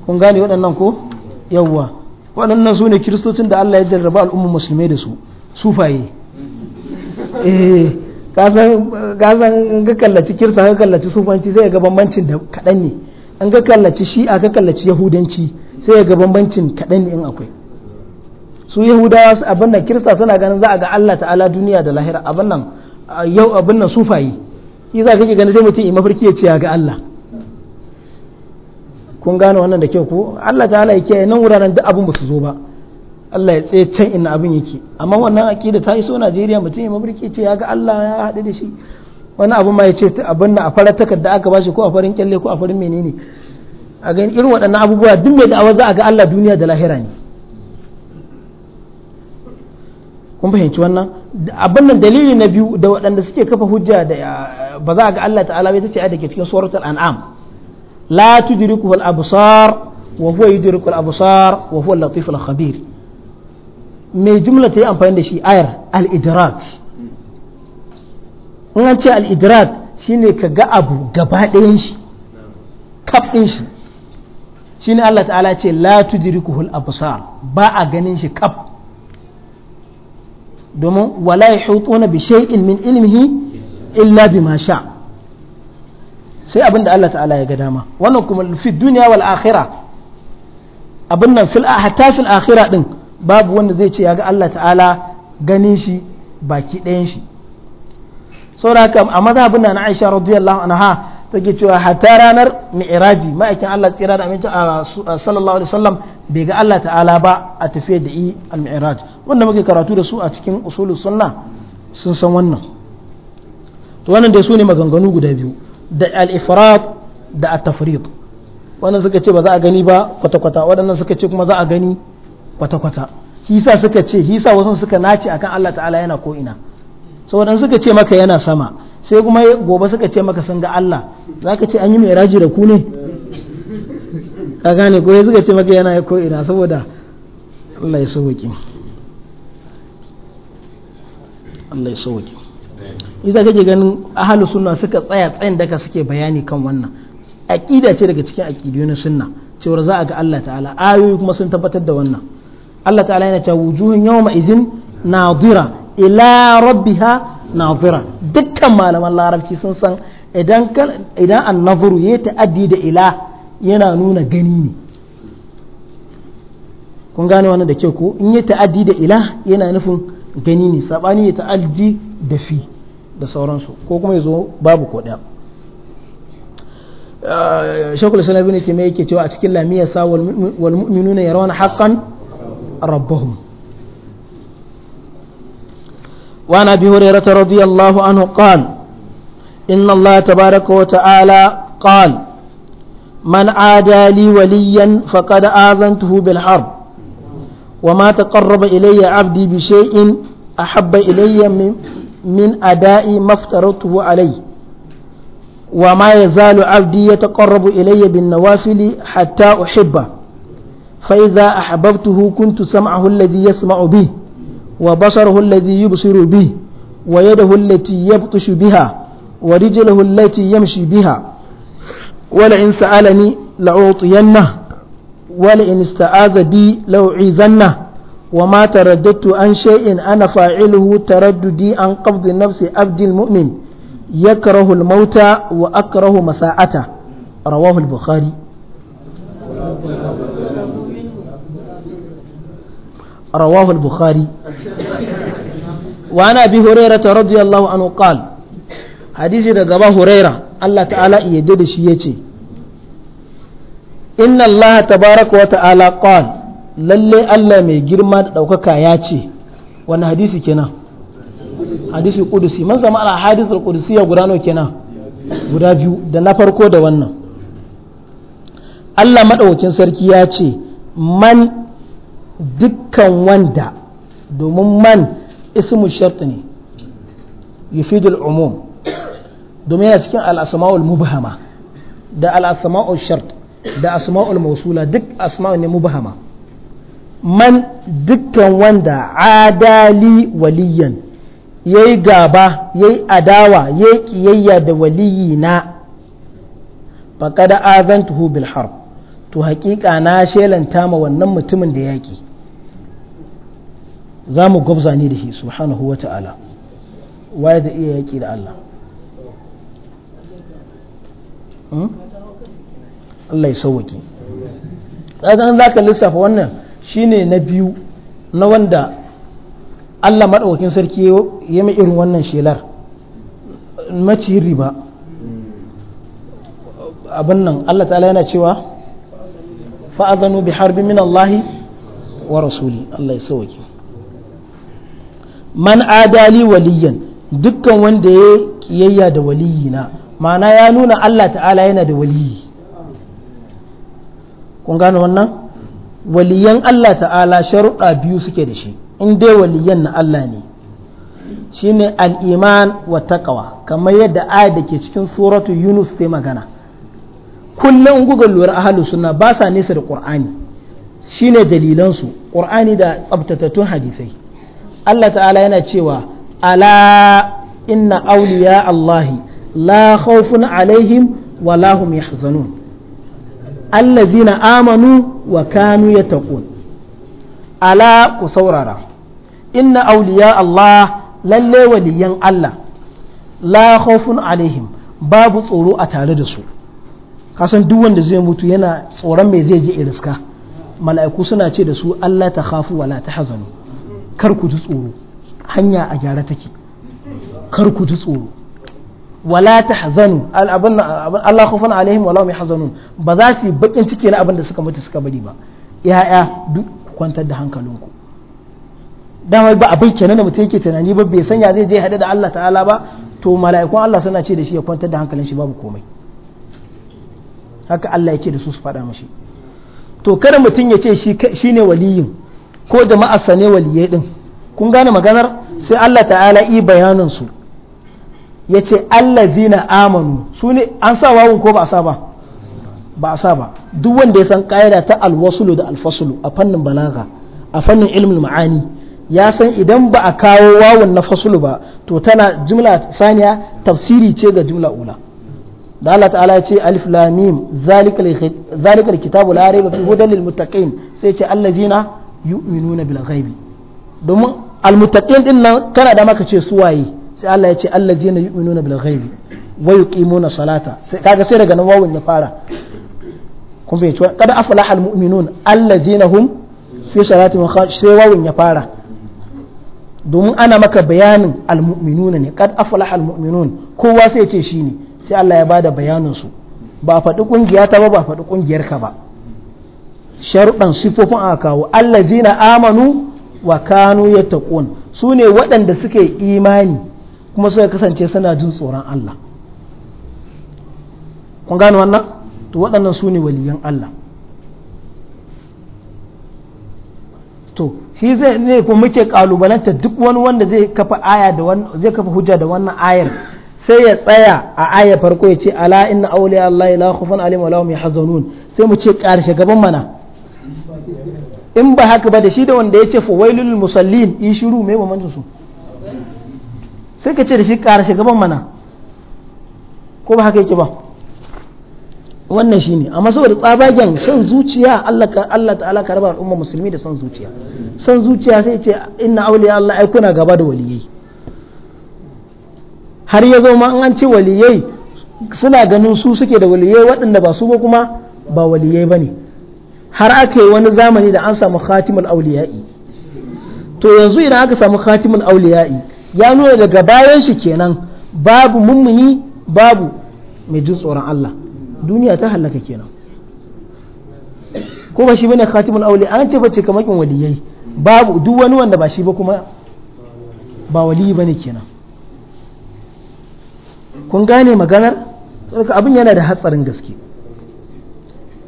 kun gane waɗannan ko yawwa waɗannan su ne kiristocin da Allah ya jarraba al'ummar musulmai da su sufaye gasan eh, kasan ga kallaci kirsa ka kallaci sufanci sai ga bambancin da kaɗan ne an ga kallaci shi'a ka kallaci yahudanci sai ga bambancin kaɗan ne in akwai su yahudawa abin nan kirista suna ganin za a ga Allah ta'ala duniya da lahira abin nan yau abin nan sufaye yi za ka gani sai mutum mafarki ya ce ga Allah kun gane wannan da kyau ko Allah ta ya kiyaye nan wuraren duk abin ba su zo ba Allah ya tsaye can ina abin yake amma wannan akida ta yi iso Najeriya mutum ya mafarki ce ya ga Allah ya haɗu da shi wani abin ma ya ce abin na a farar takarda aka bashi ko a farin kyalle ko a farin menene a ganin irin waɗannan abubuwa duk mai da'awa za a ga Allah duniya da lahira ne kun fahimci wannan abin nan dalili na biyu da waɗanda suke kafa hujja da ba za a ga Allah ta'ala bai tace da ke cikin suratul an'am la tudrikuhu al-absar wa huwa yudriku al-absar wa huwa al-latif al-khabir mai jumla ta yi amfani da shi ayar al-idrak in an ce al-idrak shine ka ga abu gaba ɗayan shi kaf ɗin shi shine Allah ta'ala ce la tudrikuhu al-absar ba a ganin shi kaf domin wala ya hutuna bi shay'in min ilmihi illa bima sha sai abin da Allah ta'ala ya ga dama wannan kuma fi duniya wal akhira abin nan fil hatta fil akhira din babu wanda zai ce ya ga Allah ta'ala ganin shi baki ɗayan shi saboda haka a mazhabin na Aisha radiyallahu anha take cewa hatta ranar mi'raji ma'aikin Allah tsira da aminci a sallallahu alaihi wasallam bai ga Allah ta'ala ba a tafiya da yi al-mi'raj wanda muke karatu da su a cikin usulus sunna sun san wannan to wannan dai su ne maganganu guda biyu da al ifrad da at-tafrid wannan suka ce ba za a gani ba kwata-kwata waɗannan suka ce kuma za a gani kwata-kwata hisa suka ce hisa wasu suka nace akan Allah ta'ala yana ko ina saboda suka ce maka yana sama sai kuma gobe suka ce maka sun ga Allah za ka ce an yi mai da ku ne ka gane ko suka ce maka yana ko ina saboda Allah ya sauwaki Allah ya sauwaki idan kake ganin ahlus suna suka tsaya tsayin daka suke bayani kan wannan aqida ce daga cikin aqidiyoyin sunna cewar za a ga Allah ta'ala ayoyi kuma sun tabbatar da wannan Allah ta'ala yana cewa wujuhun yawma idhin nadira ila rabbiha nazira dukkan malaman larabci sun san idan an nazuru ya ta'addi da ila yana nuna gani ne kun gane wannan da kyau ko in ya ta'addi da ila yana nufin gani ne sabani ya ta'addi da fi da sauransu ko kuma ya zo babu ko ɗaya shakul ne ke mai yake cewa a cikin lamiyar sa wal mu'minuna yarawna haqqan rabbahum وعن أبي هريرة رضي الله عنه قال إن الله تبارك وتعالى قال من عادى لي وليا فقد آذنته بالحرب وما تقرب إلي عبدي بشيء أحب إلي من, من أداء ما افترضته عليه وما يزال عبدي يتقرب إلي بالنوافل حتى أحبه فإذا أحببته كنت سمعه الذي يسمع به وبصره الذي يبصر به ويده التي يبطش بها ورجله التي يمشي بها ولئن سألني لأعطينه ولئن استعاذ بي لأعيذنه وما ترددت عن شيء أنا فاعله ترددي عن قبض النفس عبد المؤمن يكره الموت وأكره مساءته رواه البخاري رواه البخاري وعن أبي هريرة رضي الله عنه قال حديث دقبا هريرة الله تعالى يدد شيئتي إن الله تبارك وتعالى قال للي ألا مي جرما لو كاياتي وانا حديثي كنا حديث القدسي من زمان على حديث القدسي يقرانو كنا guda biyu da na farko da wannan Allah maɗaukin sarki ya ce man dukkan wanda domin man ismu shart ne yufidul umum domin yana cikin al'asma'ul mubahama da al'asma'ul shart da asma'ul mausula duk asma'ul ne mubahama man dukkan wanda adali waliyan ya yi gaba ya yi adawa ya yi ƙiyayya da waliyina faƙada azantuhu bil harb to hakika na shelanta ma wannan mutumin da yaƙi za mu gwabza ne da shi subhanahu wa ta'ala waye da iya yaƙi da Allah hmm? Allah ya sauwaki tsakan za ka lissafa wannan shine na biyu na wanda Allah maɗaukakin sarki ya mai irin wannan shelar maciyin riba abin nan Allah ta'ala yana cewa fa'adhanu bi minallahi min Allah wa rasuli Allah ya sauke man adali waliyan dukkan wanda ya kiyayya da waliyina ma'ana ya nuna Allah ta'ala yana da waliyi kun wannan waliyan Allah ta'ala sharuɗa biyu suke da shi in dai waliyan na Allah ne shine al-iman wa taqwa kamar yadda ayat da ke cikin suratu Yunus ta magana kullum guga lura ahalu suna ba sa nesa da qur'ani shine dalilan su qur'ani da tsabtatattun hadisai Allah ta'ala yana cewa ala inna awliya Allahi la khawfun alaihim wa la yahzanun allazina amanu wa kanu yattaqun ala ku saurara inna auliya Allah lalle waliyan Allah la khawfun alaihim babu tsoro a tare da su kasan duk wanda zai mutu yana tsoron mai zai je iriska mala'iku suna ce da su Allah ta khafu wala ta hazanu kar ku ji tsoro hanya a gyara take kar ku ji tsoro wala ta hazanu Allah khufan alaihim wala mai hazanun ba za su yi bakin ciki na abin da suka mutu suka bari ba ya'ya duk ku kwantar da hankalinku dama ba abin kenan da mutum yake tunani ba bai sanya zai je haɗe da Allah ta'ala ba to mala'ikun Allah suna ce da shi ya kwantar da hankalin shi babu komai haka Allah ya ce da su su faɗa mashi to kada mutum ya ce shi ne waliyin ko jama'arsa ne waliyai din kun gane maganar sai Allah ta'ala i bayanin su ya ce allazina amanu su ne an sa wawun ko ba a sa ba ba a sa ba duk wanda ya san ƙa'ida ta alwasulu da alfasulu a fannin balaga a fannin ilmin ma'ani ya san idan ba a kawo wawun na fasulu ba to tana jumla saniya tafsiri ce ga jumla ula da Allah ta'ala ya ce alif lam mim zalikal kitabu lare raiba fi hudan lil sai ce allazina yu'minuna bil ghaibi domin al muttaqin din nan kana da maka ce su waye sai Allah ya ce allazina yu'minuna bil ghaibi wa yuqimuna salata kaga sai daga nan wawun ya fara kun bai tuwa kada aflaha al mu'minun allazina hum fi salati wa khash sai wawun ya fara domin ana maka bayanin al mu'minuna ne kad aflaha al mu'minun kowa sai ya ce shine sai Allah ya bada bayanin su ba faɗi ƙungiya ta ba ba faɗi ƙungiyar ka ba sharuɗan sifofin aka kawo zina amanu wa kanu ya taƙon su ne waɗanda suka imani kuma suka kasance suna jin tsoron Allah kun gano wannan to waɗannan su ne waliyan Allah to shi zai ne kuma muke kalubalanta duk wani wanda kafa aya zai kafa hujja da wannan ayar sai ya tsaya a aya farko ya ce ala inna auliya Allah la khawfun alim wa lahum yahzanun sai mu ce karshe gaban mana in ba haka ba da shi da wanda ya ce fa musallin in shiru me manzo su sai ka ce da shi karshe gaban mana ko ba haka yake ba wannan shine amma saboda tsabagen son zuciya Allah ka Allah ta'ala ka raba al'umma musulmi da son zuciya son zuciya sai ce inna auliya Allah ai kuna gaba da waliyai har ya zo ma an ce waliyai suna ganin su suke da waliyai waɗanda ba su ba kuma ba waliyai ba ne har ake wani zamani da an samu khatimul auliya'i to yanzu idan aka samu khatimul auliya'i ya nuna daga bayan shi kenan babu mummuni babu mai jin tsoron Allah duniya ta halaka kenan ko ba shi bane khatimul auliya an ce bace kin waliyai babu duk wani wanda ba shi ba kuma ba waliyi bane kenan kun gane maganar abin yana da hatsarin gaske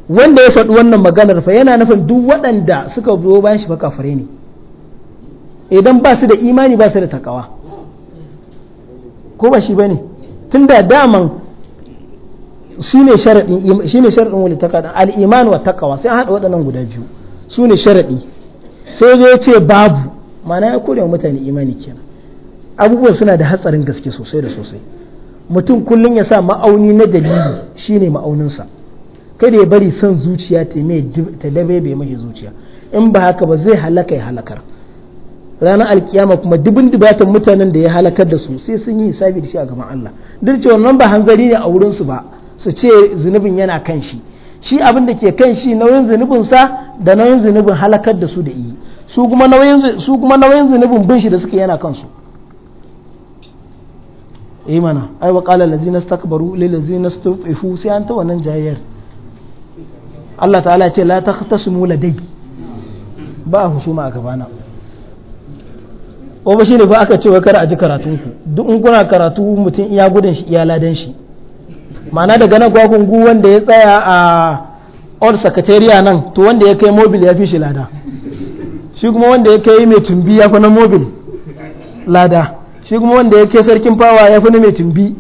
wanda ya faɗi wannan maganar fa yana nufin duk waɗanda suka zo bayan shi fa kafare ne idan ba su da imani ba su da takawa ko ba shi ba ne tun da daman shi ne sharaɗin wani takawa al'imani wa takawa sai haɗa waɗannan guda biyu su ne sharaɗi sai zai ce babu mana ya kore mutane imani kenan abubuwan suna da hatsarin gaske sosai da sosai mutum kullum ya sa ma'auni na dalili shine ma'auninsa kada ya bari son zuciya ta dabe bai mashi zuciya in ba haka ba zai halaka ya halakar ranar alkiyama kuma dubin dubatan mutanen da ya halakar da su sai sun yi hisabi da shi a gaban Allah duk cewa nan ba hanzari ne a wurin su ba su ce zunubin yana kan shi shi abin da ke kan shi nauyin zunubin sa da nauyin zunubin halakar da su da iyi su kuma nauyin zunubin bin shi da suke yana kansu imana eh ai wa qala allazina istakbaru lil ladzina istud'ifu sai an ta wannan jayyar Allah ta'ala ya ce la takhtasimu ladai ba husuma a gabana ko shi ne ba aka ce wa kar a ji karatunku duk in kuna karatu mutum iya gudun shi iya ladan shi ma'ana daga na gwakun gu wanda ya tsaya a all secretariat nan to wanda ya kai mobil ya fi shi lada shi kuma wanda ya kai mai tumbi ya fi na mobil lada shi kuma wanda ya ke sarkin fawa ya fi na mai tumbi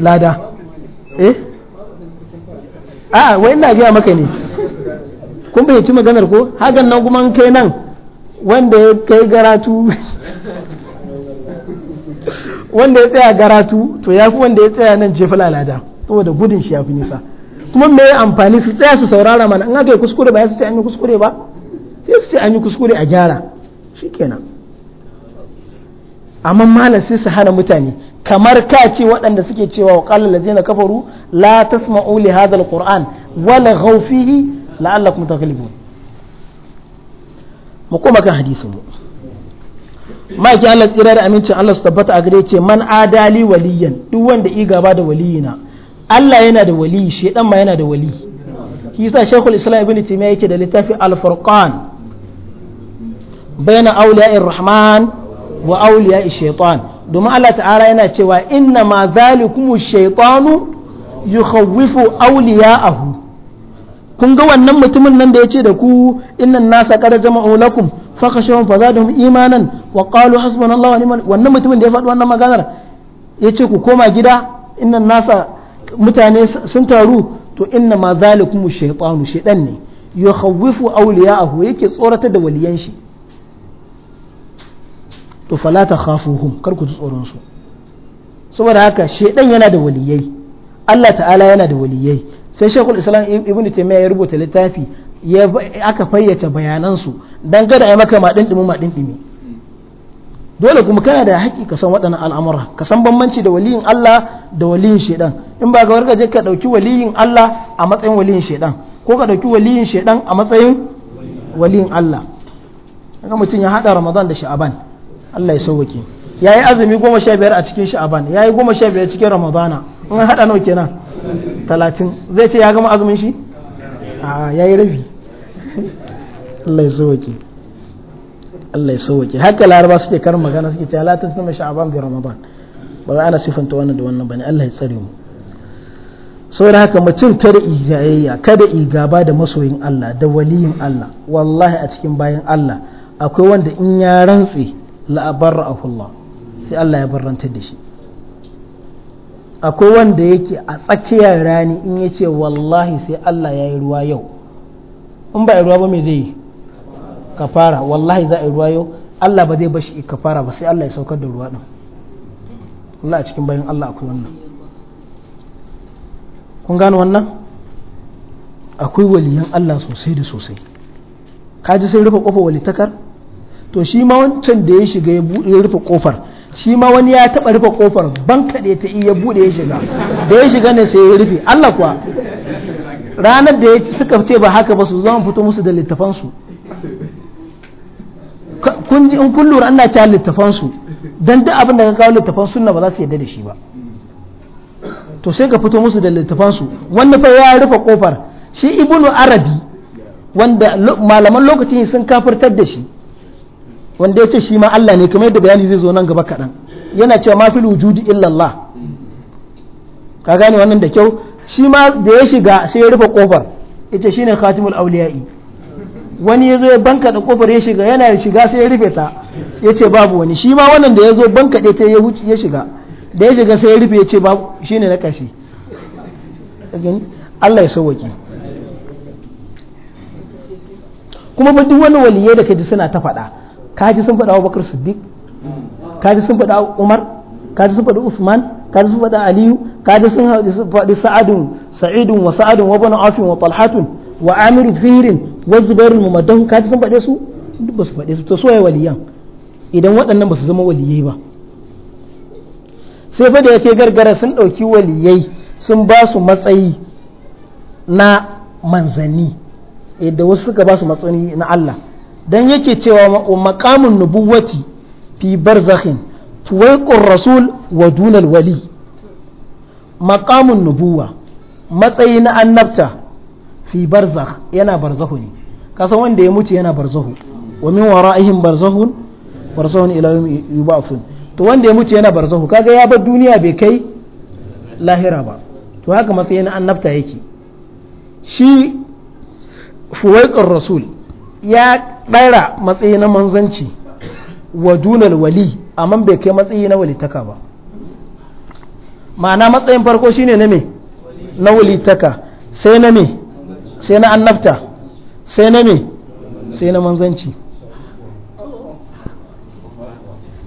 lada eh a wai ina gaya maka ne kun bayyanci maganar ko hakan nan kuma kai nan wanda ya kai garatu wanda ya tsaya garatu to ya fi wanda ya tsaya nan jefa lalada saboda gudun shi ya fi nisa kuma me yi amfani su tsaya su saurara mana in aka yi kuskure ba ya su ce an yi kuskure ba sai su ce an yi kuskure a gyara shikenan amma malam sai su hana mutane kamar ka ce waɗanda suke cewa wa qala allazina kafaru la tasma'u li hadha alquran wa laghaw fihi la'allakum taghlibun mu koma kan hadisin mu maki Allah tsira da amincin Allah su tabbata a gare ce man adali waliyan duk wanda i gaba da waliyina Allah yana da wali shedan ma yana da wali shi yasa Sheikhul Islam Ibn Taymiyyah yake da littafi Al-Furqan bayna awliya'ir Rahman wa auliya shaitan domin Allah ta'ala yana cewa inna ma zalikumu shaitanu yukhawwifu ahu. kun ga wannan mutumin nan da yace da ku innan nasa qad jama'u lakum fakhashawhum fazadahum imanan wa qalu hasbunallahu wa ni'mal wannan mutumin da ya faɗi wannan maganar yace ku koma gida innan nasa mutane sun taru to inna ma zalikumu shaytanu shaytan ne yukhawwifu ahu yake tsoratar da waliyan shi to fala ta khafuhum kar ku ji tsoron su saboda haka shedan yana da waliyai Allah ta'ala yana da waliyai sai shekul islam ibn taymiya ya rubuta littafi ya aka fayyace bayanan su dan gada ai maka madin dimi madin dimi dole kuma kana da haƙi ka san waɗannan al'amura ka san bambanci da waliyin Allah da waliyin shedan in ba ka warka je ka dauki waliyin Allah a matsayin waliyin shedan ko ka dauki waliyin shedan a matsayin waliyin Allah kaga mutum ya hada Ramadan da Sha'aban Allah ya sauwake ya yi azumi goma sha biyar a cikin sha'aban ya yi goma sha biyar cikin ramadana in haɗa nawa kenan talatin zai ce ya gama azumin shi a ya yi rabi Allah ya sauwake Allah ya sauwake haka laraba suke karin magana suke ce la tasnama sha'aban bi ramadan ba za ana sifanta wannan da wannan bane Allah ya tsare mu saboda haka mutum kada igayayya kada igaba da masoyin Allah da waliyin Allah wallahi a cikin bayan Allah akwai wanda in ya rantsi a Allah sai Allah ya barranta da shi akwai wanda yake a tsakiyar rani in ya ce wallahi sai Allah ya yi ruwa yau in ba ruwa ba me zai yi kafara wallahi za a yi ruwa yau Allah ba zai bashi kafara ba sai Allah ya saukar da ruwa din Allah a cikin bayan Allah akwai wannan kun gano wannan akwai waliyan Allah sosai da sosai ka ji sai rufe kofa walitakar to shi ma wancan da ya shiga ya rufe kofar shi ma wani ya taɓa rufe kofar ban kaɗe ta iya buɗe ya shiga da ya shiga ne sai ya rufe Allah kuwa ranar da ya suka ce ba haka ba su zama fito musu da littafansu kun ji in kun lura ana cewa littafansu dan duk abin da ka kawo littafan sunna ba za su yadda da shi ba to sai ka fito musu da littafansu wanda fa ya rufe kofar shi ibnu arabi wanda malaman lokacin sun kafirtar da shi wanda ya ce shi ma Allah ne kamar yadda bayani zai zo nan gaba kaɗan yana cewa ma filu wujudi illallah ka gane wannan da kyau shi ma da ya shiga sai ya rufe kofar shi ne khatimul auliya'i wani ya zo ya banka da kofar ya shiga yana shiga sai ya rufe ta ya ce babu wani shi ma wannan da ya zo banka da ta ya shiga da ya shiga sai ya rufe ya ce babu shi ne na ƙarshe Allah ya sauwaki kuma ba duk wani waliyai da ji suna ta faɗa kaji sun faɗa Abubakar Siddiq kaji sun faɗa Umar kaji sun faɗi Usman kaji sun faɗi Aliyu kaji sun faɗi Sa'adun Sa'idun wa Sa'adun wa Banu Afin wa Talhatun wa Amir Firin wa Zubairul Mumaddan kaji sun faɗe su duk ba su faɗe su ta soya waliyan idan waɗannan ba su zama waliyai ba sai fa da yake gargara sun ɗauki waliyai sun ba su matsayi na manzanni yadda wasu suka ba su matsayi na Allah dan yake cewa maqamun nubuwati fi barzakhin tuwaiƙun rasul wa dunal wali maqamun nubuwa matsayi na annabta fi barzakh yana barzahu ne kasan wanda ya mutu yana barzahu wa min wara'ihim barzahun barzahun ila yawmi yub'athun to wanda ya mutu yana barzahu kaga ya bar duniya bai kai lahira ba to haka matsayi na annabta yake shi fuwaiqur rasul ya ɗaira matsayi na manzanci wa dunar wali amma bai kai matsayi na walitaka ba ma'ana matsayin farko shine na me na walitaka sai na me sai na annabta sai na me sai na manzanci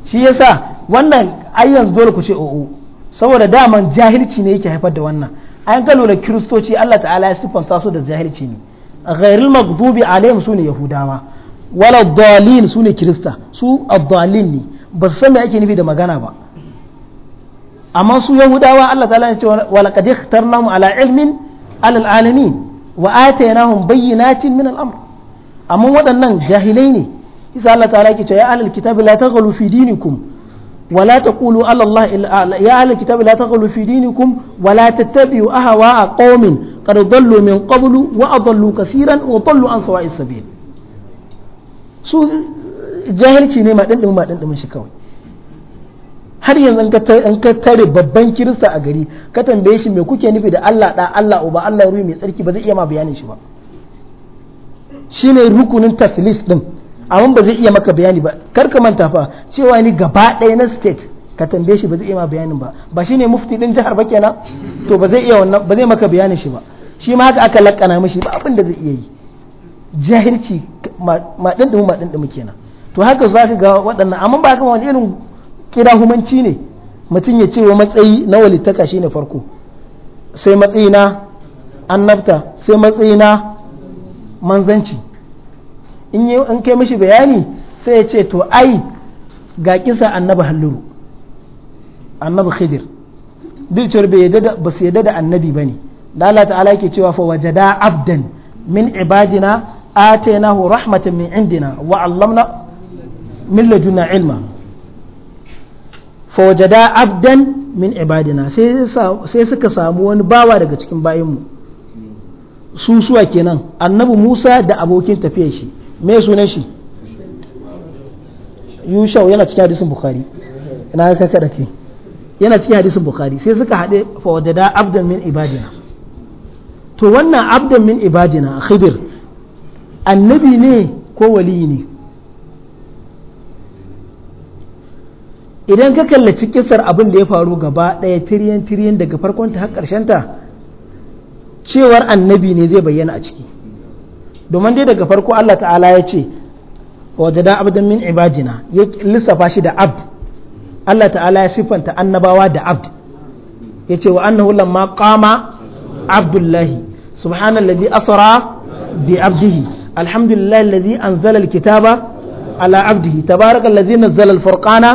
shi yasa wannan ayyanzu dole ku ce o'o saboda daman jahilci ne yake haifar da wannan an ga lura kiristoci Allah ta'ala ya siffanta su da jahilci ne a ghairil maghdubi alaihim ne yahudawa wala dalil su ne kirista su addalin ne ba su san me ake nufi da magana ba amma su yahudawa Allah ta'ala ya ce wala qad ikhtarnahum ala ilmin alal alamin wa atainahum bayyinatin min al-amr amma waɗannan jahilai ne isa Allah ta'ala ke cewa ya ahlal kitabi la taghalu fi dinikum wa la taqulu ala Allah ya ahlal kitabi la taghalu fi dinikum wa la tattabi'u ahwa'a qaumin qad dallu min qablu wa adallu kaseeran wa dallu an sawa'is sabil su eh, jahilci ne ma maɗin shi kawai har yanzu an ka tare babban kirista a gari ka tambaye shi me kuke nufi da Allah da Allah uba Allah ruhi mai tsarki ba zai iya ma bayanin shi ba shine rukunin taslis din amma ba zai iya maka bayani ba kar ka manta fa cewa ni gaba ɗaya na state ka tambaye shi ba zai iya ma bayanin ba ba shine mufti din jihar ba kenan to ba zai iya wannan ba zai maka bayanin shi ba shi ma haka aka lakana mishi ba abin da zai iya yi jahilci maɗin ma maɗin ɗin kenan to haka za ka ga waɗannan amma ba kan wani irin humanci ne mutum ya ce wa matsayi na walittaka shi ne farko sai matsayi na annabta sai matsayi na manzanci in yi in kai mishi bayani sai ya ce to ai ga kisa annabi halluru annabi khidir duk cewar ba su yadda da annabi ba ne da Allah ta'ala ke cewa fa wajada abdan min ibadina آتيناه رحمة من عندنا وعلمنا من لدنا علما فوجدا عبدا من عبادنا sai suka samu wani bawa daga cikin bayanmu su suwa kenan annabi Musa da abokin tafiyar shi me sunan shi yushau yana cikin hadisin bukhari ina ka kada ke yana cikin hadisin bukhari sai suka haɗe fawajada abdan min ibadina to wannan abdan min ibadina khidir annabi ne ko wali ne idan ka kallaci kisar abin da ya faru gaba ɗaya tiriyan tiriyan daga farkon ta har ta cewar annabi ne zai bayyana a ciki domin dai daga farko Allah ta'ala ya ce wajada abdan min ibadina ya lissafa shi da abd Allah ta'ala ya siffanta annabawa da abd ya ce wa annahu lamma qama abdullahi subhanallazi asra bi abdihi alhamdulillah alladhi anzala alkitaba ala abdihi tabaraka alladhi nazzala alfurqana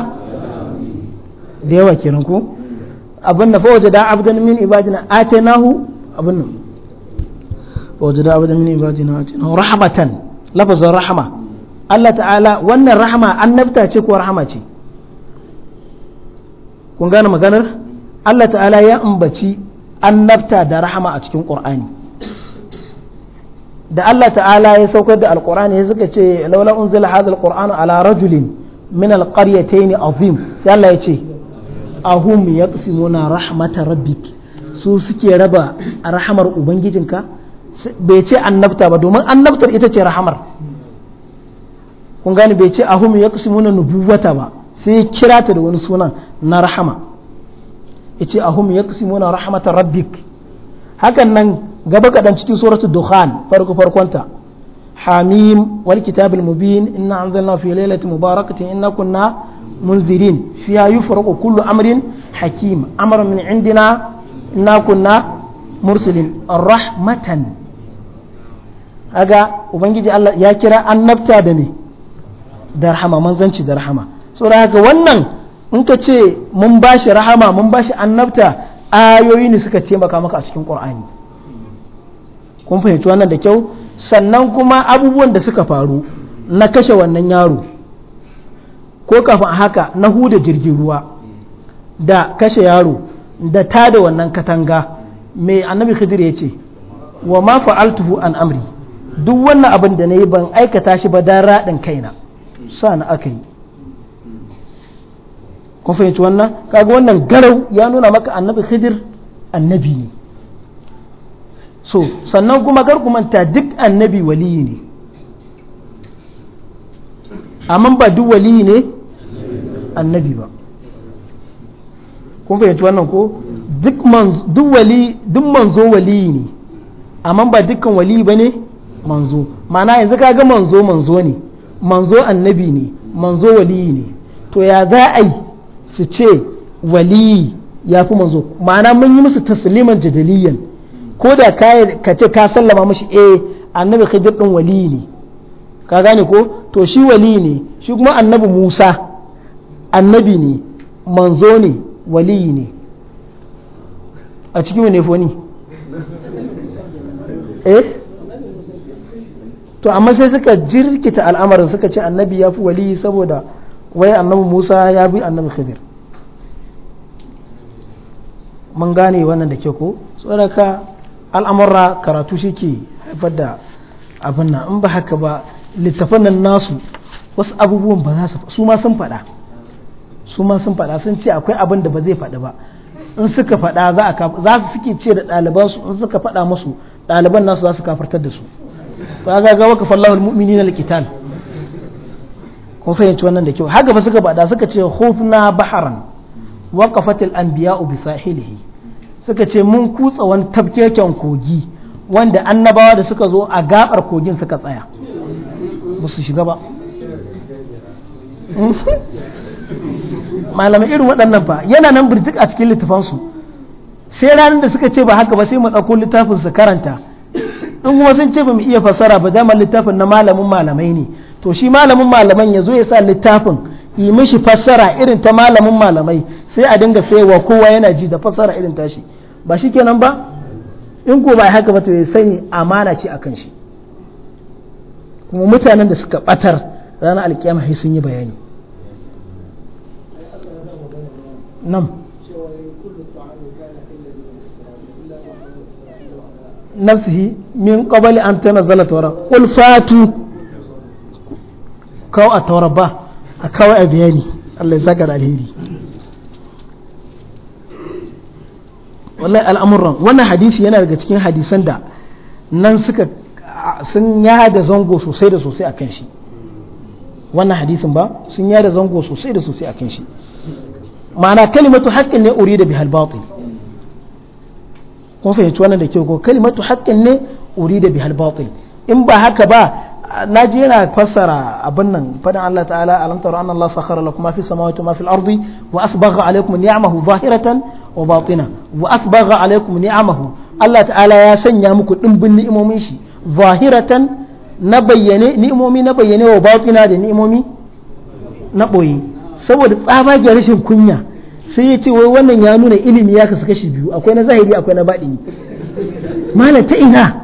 da yawa kenan ko fa wajada abdan min ibadina ibadina atainahu rahmatan lafazin rahma Allah ta'ala wannan rahma annabta ce kun gane maganar Allah ta'ala ya ambaci annabta da rahama a cikin ƙur'ani da Allah ta'ala ya saukar da alqur'ani ya suka ce laula unzila hadha qur'anu ala rajulin min alqaryatayn azim sai Allah ya ce ahum yaqsimuna rahmata rabbik su suke raba rahamar ubangijinka bai ce annabta ba domin annabtar ita ce rahamar kun gane bai ce ahum yaqsimuna nubuwata ba sai ya kira ta da wani sunan na rahama ya ce ahum ya rahmata rabbik hakan nan gaba kaɗan cikin suratu dukhan farko farkonta hamim wal kitabil mubin inna anzalna fi lailatin mubarakatin inna kunna munzirin fiha yufraqu kullu amrin hakim amran min indina inna kunna mursilin rahmatan aga ubangiji Allah ya kira annabta da me da rahama manzanci da rahama so haka wannan in ka ce mun bashi rahama mun bashi annabta ayoyi ne suka taimaka maka a cikin qur'ani kun fahimci wannan da kyau sannan kuma abubuwan da suka faru na kashe wannan yaro ko kafin haka na huda jirgin ruwa da kashe yaro da ta da wannan katanga mai annabi khidir ya ce wa ma fa'altuhu an amri duk wannan abin da na yi ban aikata shi ba don raɗin kaina na aka yi kun fahimci wannan kaga wannan garau ya nuna maka annabi khidir annabi ne so sannan kuma kar duk annabi waliyi ne amma ba duk waliyi ne annabi ba kuma fahimci wannan ko duk manzo waliyi ne amma ba dukkan waliyi ba ne manzo ma'ana yanzu kaga manzo manzo ne manzo annabi ne manzo waliyi ne to ya za a yi su ce waliyi ya fi manzo ma'ana mun yi musu tasliman jadaliyan ko da ka ce ka sallama mashi eh annabi khidir din wali ne ka gane ko to shi wali ne shi kuma annabi musa annabi ne manzo ne wali ne a cikin wani foni eh to amma sai suka jirkita al'amarin suka ce annabi ya fi wali saboda wai annabi musa ya bi annabi khidir mun gane wannan da ke ko tsoraka al'amurra karatu shi ke haifar da abin nan in ba haka ba littafan nan nasu wasu abubuwan ba za su su ma sun faɗa su ma sun faɗa sun ce akwai abin da ba zai faɗi ba in suka faɗa za su suke ce da ɗaliban su in suka faɗa musu ɗaliban nasu za su kafartar da su ba ga ga waka fallahu almu'minina alqital kun fahimci wannan da kyau haka ba suka faɗa suka ce khufna baharan waqafat al-anbiya'u bi sahilihi suka ce mun kutsa wani tabkeken kogi wanda annabawa da suka zo a gabar kogin suka tsaya ba su shiga ba hmm? malamai irin waɗannan fa yana nan birjik a cikin littafansu sai ranar da suka ce ba haka ba sai mu ɗauko littafin su karanta in kuma sun ce ba mu iya fasara ba dama littafin na malamin malamai ne to shi malamin malaman ya zo ya sa littafin yi mishi fassara irin ta malamin malamai sai a dinga saiwa kowa yana ji da fasara irin tashi ba shi kenan ba in ko ba haka ba to ya sani amana ce akan shi kuma mutanen da suka batar ranar alkiyama sai sun yi bayani nan nafsihi min qabli an tanzala tawra qul fatu kaw a tawra ba a kawai a bayani Allah ya saka alheri wallahi al'amuran wannan hadisi yana daga cikin hadisan da nan suka sun yada zango sosai da sosai a kan shi wannan hadisin ba sun yada zango sosai da sosai a kan shi ma'ana kalimatu haƙƙin ne uri da bihal batil kun fahimci wannan da ke ko kalimatu haƙƙin ne uri da bihal batil in ba haka ba na ji yana fassara abin nan fadin Allah ta'ala alam tara Allah sakhara lakum ma fi samawati ma fil ardi wa asbagha alaykum ni'amahu zahiratan wa batina wa asbagha alaikum ni'amahu Allah ta'ala ya sanya muku dimbin ni'imomin shi zahiratan na bayyane ni'imomi na bayyane wa batina da ni'imomi na boye saboda tsabagen rashin kunya sai ya ce wai wannan ya nuna ilimi ya kasu kashi biyu akwai na zahiri akwai na baɗini malam ta ina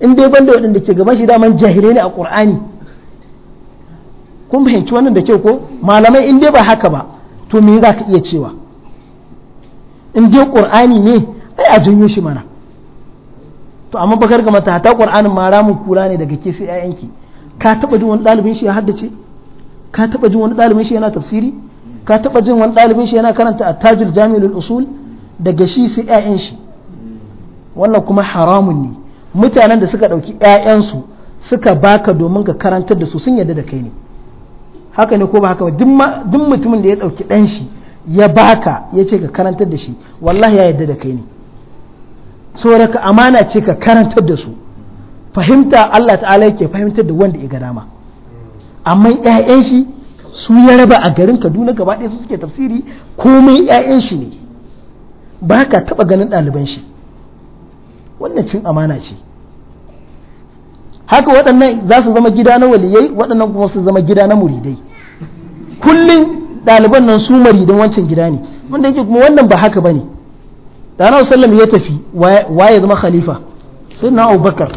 in dai banda waɗanda ke gaba shi daman jahire ne a ƙur'ani kun fahimci wannan da kyau ko malamai in dai ba haka ba to me za ka iya cewa in dai qur'ani ne ai a janyo shi mana to amma bakar ga mata ta qur'anin ma ramin kura ne daga ke sai ƴaƴanki ka taba jin wani ɗalibin shi ya haddace ka taba jin wani ɗalibin shi yana tafsiri ka taba jin wani ɗalibin shi yana karanta at-tajul jami'ul usul daga shi sai ƴaƴan shi wannan kuma haramun ne mutanen da suka ɗauki ƴaƴansu suka baka domin ka karantar da su sun yarda da kai ne haka ne ko ba haka ba duk mutumin da ya ɗauki ɗan shi ya baka ya ce ka karantar da shi wallahi ya yadda da kai ne saboda ka amana ce ka karantar da su fahimta Allah ta'ala yake fahimtar da wanda ya ga dama amma ƴaƴan shi su ya raba a garin Kaduna gaba ɗaya su suke tafsiri komai ƴaƴan shi ne ba ka taɓa ganin ɗaliban shi wannan cin amana ce haka waɗannan za su zama gida na waliyai waɗannan kuma su zama gida na muridai kullum ɗaliban nan su maridan wancan gida ne wanda yake kuma wannan ba haka bane da annabi sallam ya tafi waye zama khalifa sai na abubakar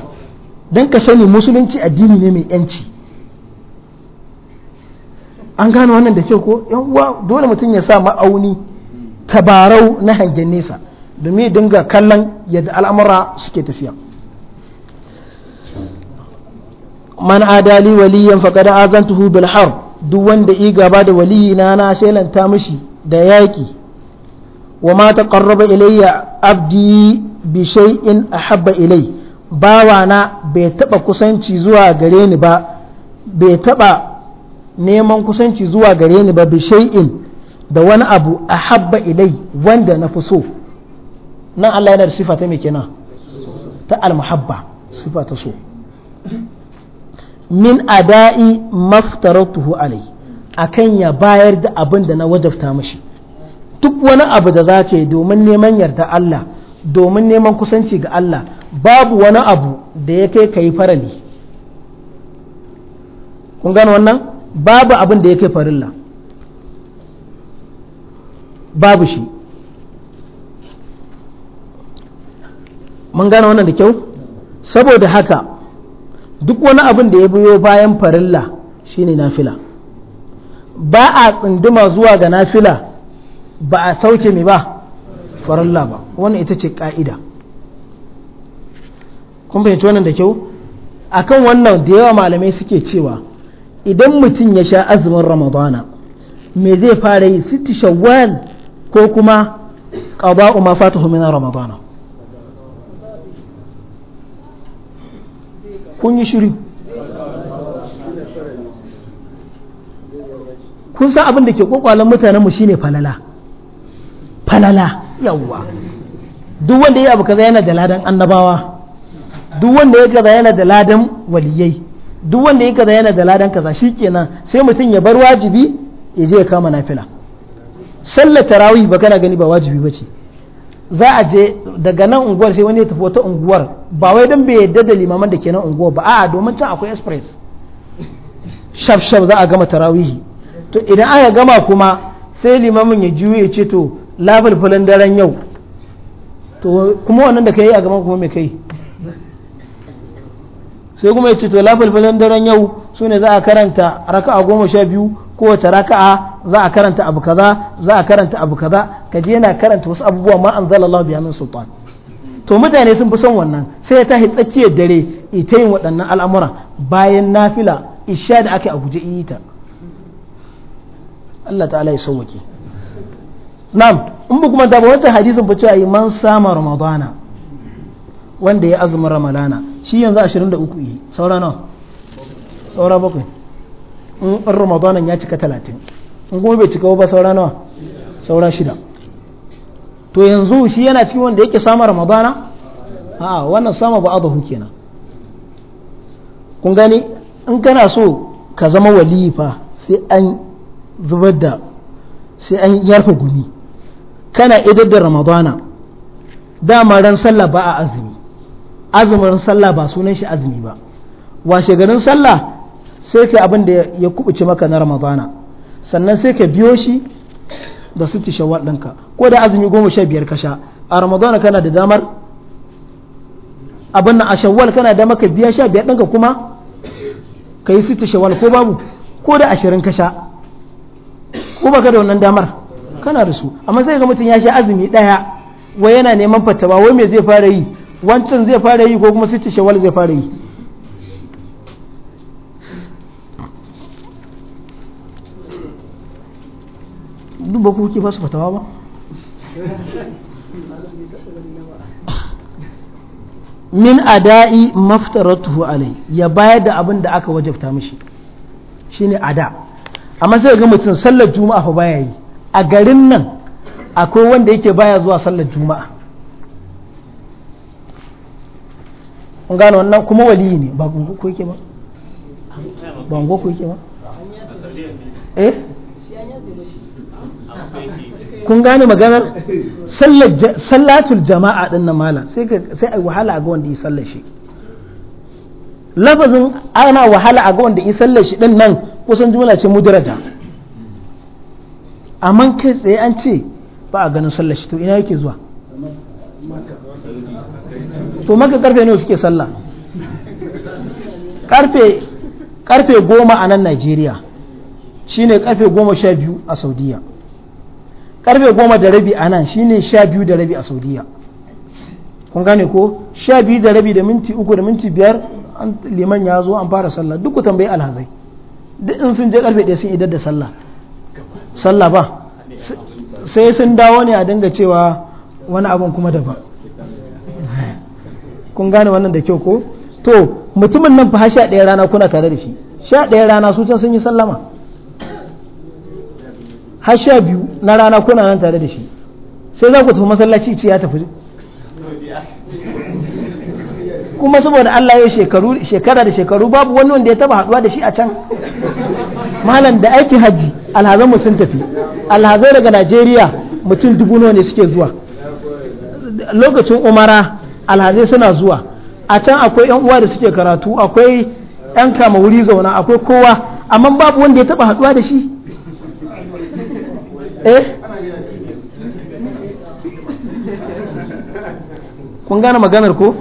dan ka sani musulunci addini ne mai yanci an gano wannan da kyau ko yan uwa dole mutum ya sa ma'auni tabarau na hangen nesa domin ya dinga kallon yadda al'amura suke tafiya man adali waliyan faqad azantuhu bil harb duk wanda i gaba da waliyi na na shelanta mishi da yaƙi wa ma taqarraba ilayya abdi bi shay'in ahabba ilay bawana bai taba kusanci zuwa gare ni ba bai taba neman kusanci zuwa gare ni ba bi shay'in da wani abu ahabba ilay wanda na fi so nan Allah yana da sifa ta mai kenan ta al-muhabba sifa ta so min ada'i maftaratuhu alai akan ya bayar da abin da na wajabta mashi duk wani abu da za ka yi domin neman yarda Allah domin neman kusanci ga Allah babu wani abu da ya kai ka yi farali kun gano wannan babu abin da ya kai farilla babu shi mun gano wannan da kyau saboda haka duk wani abin da ya biyo bayan farilla shine nafila ba a tsinduma zuwa ga nafila ba a sauke mai ba farilla ba wannan ita ce ka'ida kun fahimci wannan da kyau akan wannan da yawa malamai suke cewa idan mutum ya sha azumin ramadana me zai fara yi sitti shawwal ko kuma ƙaba'u ma fatahu min ramadana kun yi shiru kun san abin da ke kwakwalen mutanen mu shine falala falala yawwa duk wanda ya abu kaza yana da ladan annabawa duk wanda ya kaza da ladan waliyai duk wanda ya kaza yana da ladan kaza shikenan sai mutum ya bar wajibi ya je ya kama nafila sallar tarawih ba kana gani ba wajibi bace za a je daga nan unguwar sai wani ya tafi wata unguwar ba wai don bai yadda da limaman da ke nan unguwar ba a domin can akwai express shaf shaf za a gama tarawihi to idan aka gama kuma sai limamin ya juyo ya ce to labul daren yau to kuma wannan da kai a gama kuma mai kai sai kuma yace to lafalfalan daren yau sune za a karanta raka'a goma sha biyu kowace raka'a za a karanta abu kaza za a karanta abu kaza ka yana karanta wasu abubuwa ma anzalallahu biya min sultan to mutane sun fi son wannan sai ya tashi tsakiyar dare ita yin waɗannan al'amura bayan nafila isha da aka a guje iyita. Allah ta'ala ya sauwake na'am in ba kuma da wancan hadisin ba cewa man sama ramadana wanda ya azumin ramadana shi yanzu 23 yi saura nawa saura bakwai in ramadanan ya cika 30 in kuma bai cika ba saura nawa saura shida to yanzu shi yana cikin wanda yake sama ramadana a wannan sama ba adahu kenan kun gani in kana so ka zama walifa fa sai an zubar da sai an yarfa gumi kana idar da ramadana dama ran sallah ba a azumi azumin sallah ba sunan shi azumi ba washe garin sallah sai ka abin da ya kubuce maka na ramadana sannan sai ka biyo shi da su ci shawar ɗinka ko da azumi goma sha biyar kasha a ramadana kana da damar abin na a shawar kana da maka biya sha biyar ɗinka kuma ka yi su ci shawar ko babu ko da ashirin kasha ko baka da wannan damar kana da su amma sai ga mutum ya sha azumi ɗaya wai yana neman fatawa wai me zai fara yi wancan zai fara yi ko kuma sittin shawal zai fara yi duk ba kuke ba su fatawa ba min ada'i maftaratuhu alai ya bayar da abin da aka wajabta mishi shine ada amma sai ga mutum sallar juma'a fa baya yi a garin nan akwai wanda yake baya zuwa sallar juma'a kun gane wannan kuma wali ne ba gungu ko yake ba ba gungu ko yake ba eh kun gane maganar sallatul jama'a din nan mala sai sai ai wahala ga wanda yi sallar shi lafazin ana wahala a ga wanda yi sallar shi din nan kusan jumla ce mudaraja amma kai tsaye an ce ba a ganin sallar shi to ina yake zuwa to maka karfe ne suke sallah karfe karfe goma a nan najeriya shine karfe goma sha biyu a saudiya karfe goma da rabi a nan shine sha biyu da rabi a saudiya kun gane ko sha biyu da rabi da minti uku da minti biyar liman ya zo an fara sallah duk ku tambayi alhazai duk in sun je karfe ɗaya sun idar da sallah sallah ba sai sun dawo ne a dinga cewa wani abin kuma daban kun gane wannan da kyau ko to mutumin nan fa sha ɗaya rana kuna tare da shi sha ɗaya rana su can sun yi sallama ha sha biyu na rana kuna nan tare da shi sai za ku tafi masallaci ce ya tafi kuma saboda Allah ya shekaru shekara da shekaru babu wani wanda ya taba haduwa da shi a can malam da aikin hajji alhazan mu sun tafi alhazai daga Najeriya mutum dubu nawa ne suke zuwa lokacin umara alhazai suna zuwa a can akwai yan uwa da suke karatu akwai yan kama wuri zauna akwai kowa amma babu wanda ya taba haduwa da shi eh kun gane maganar ko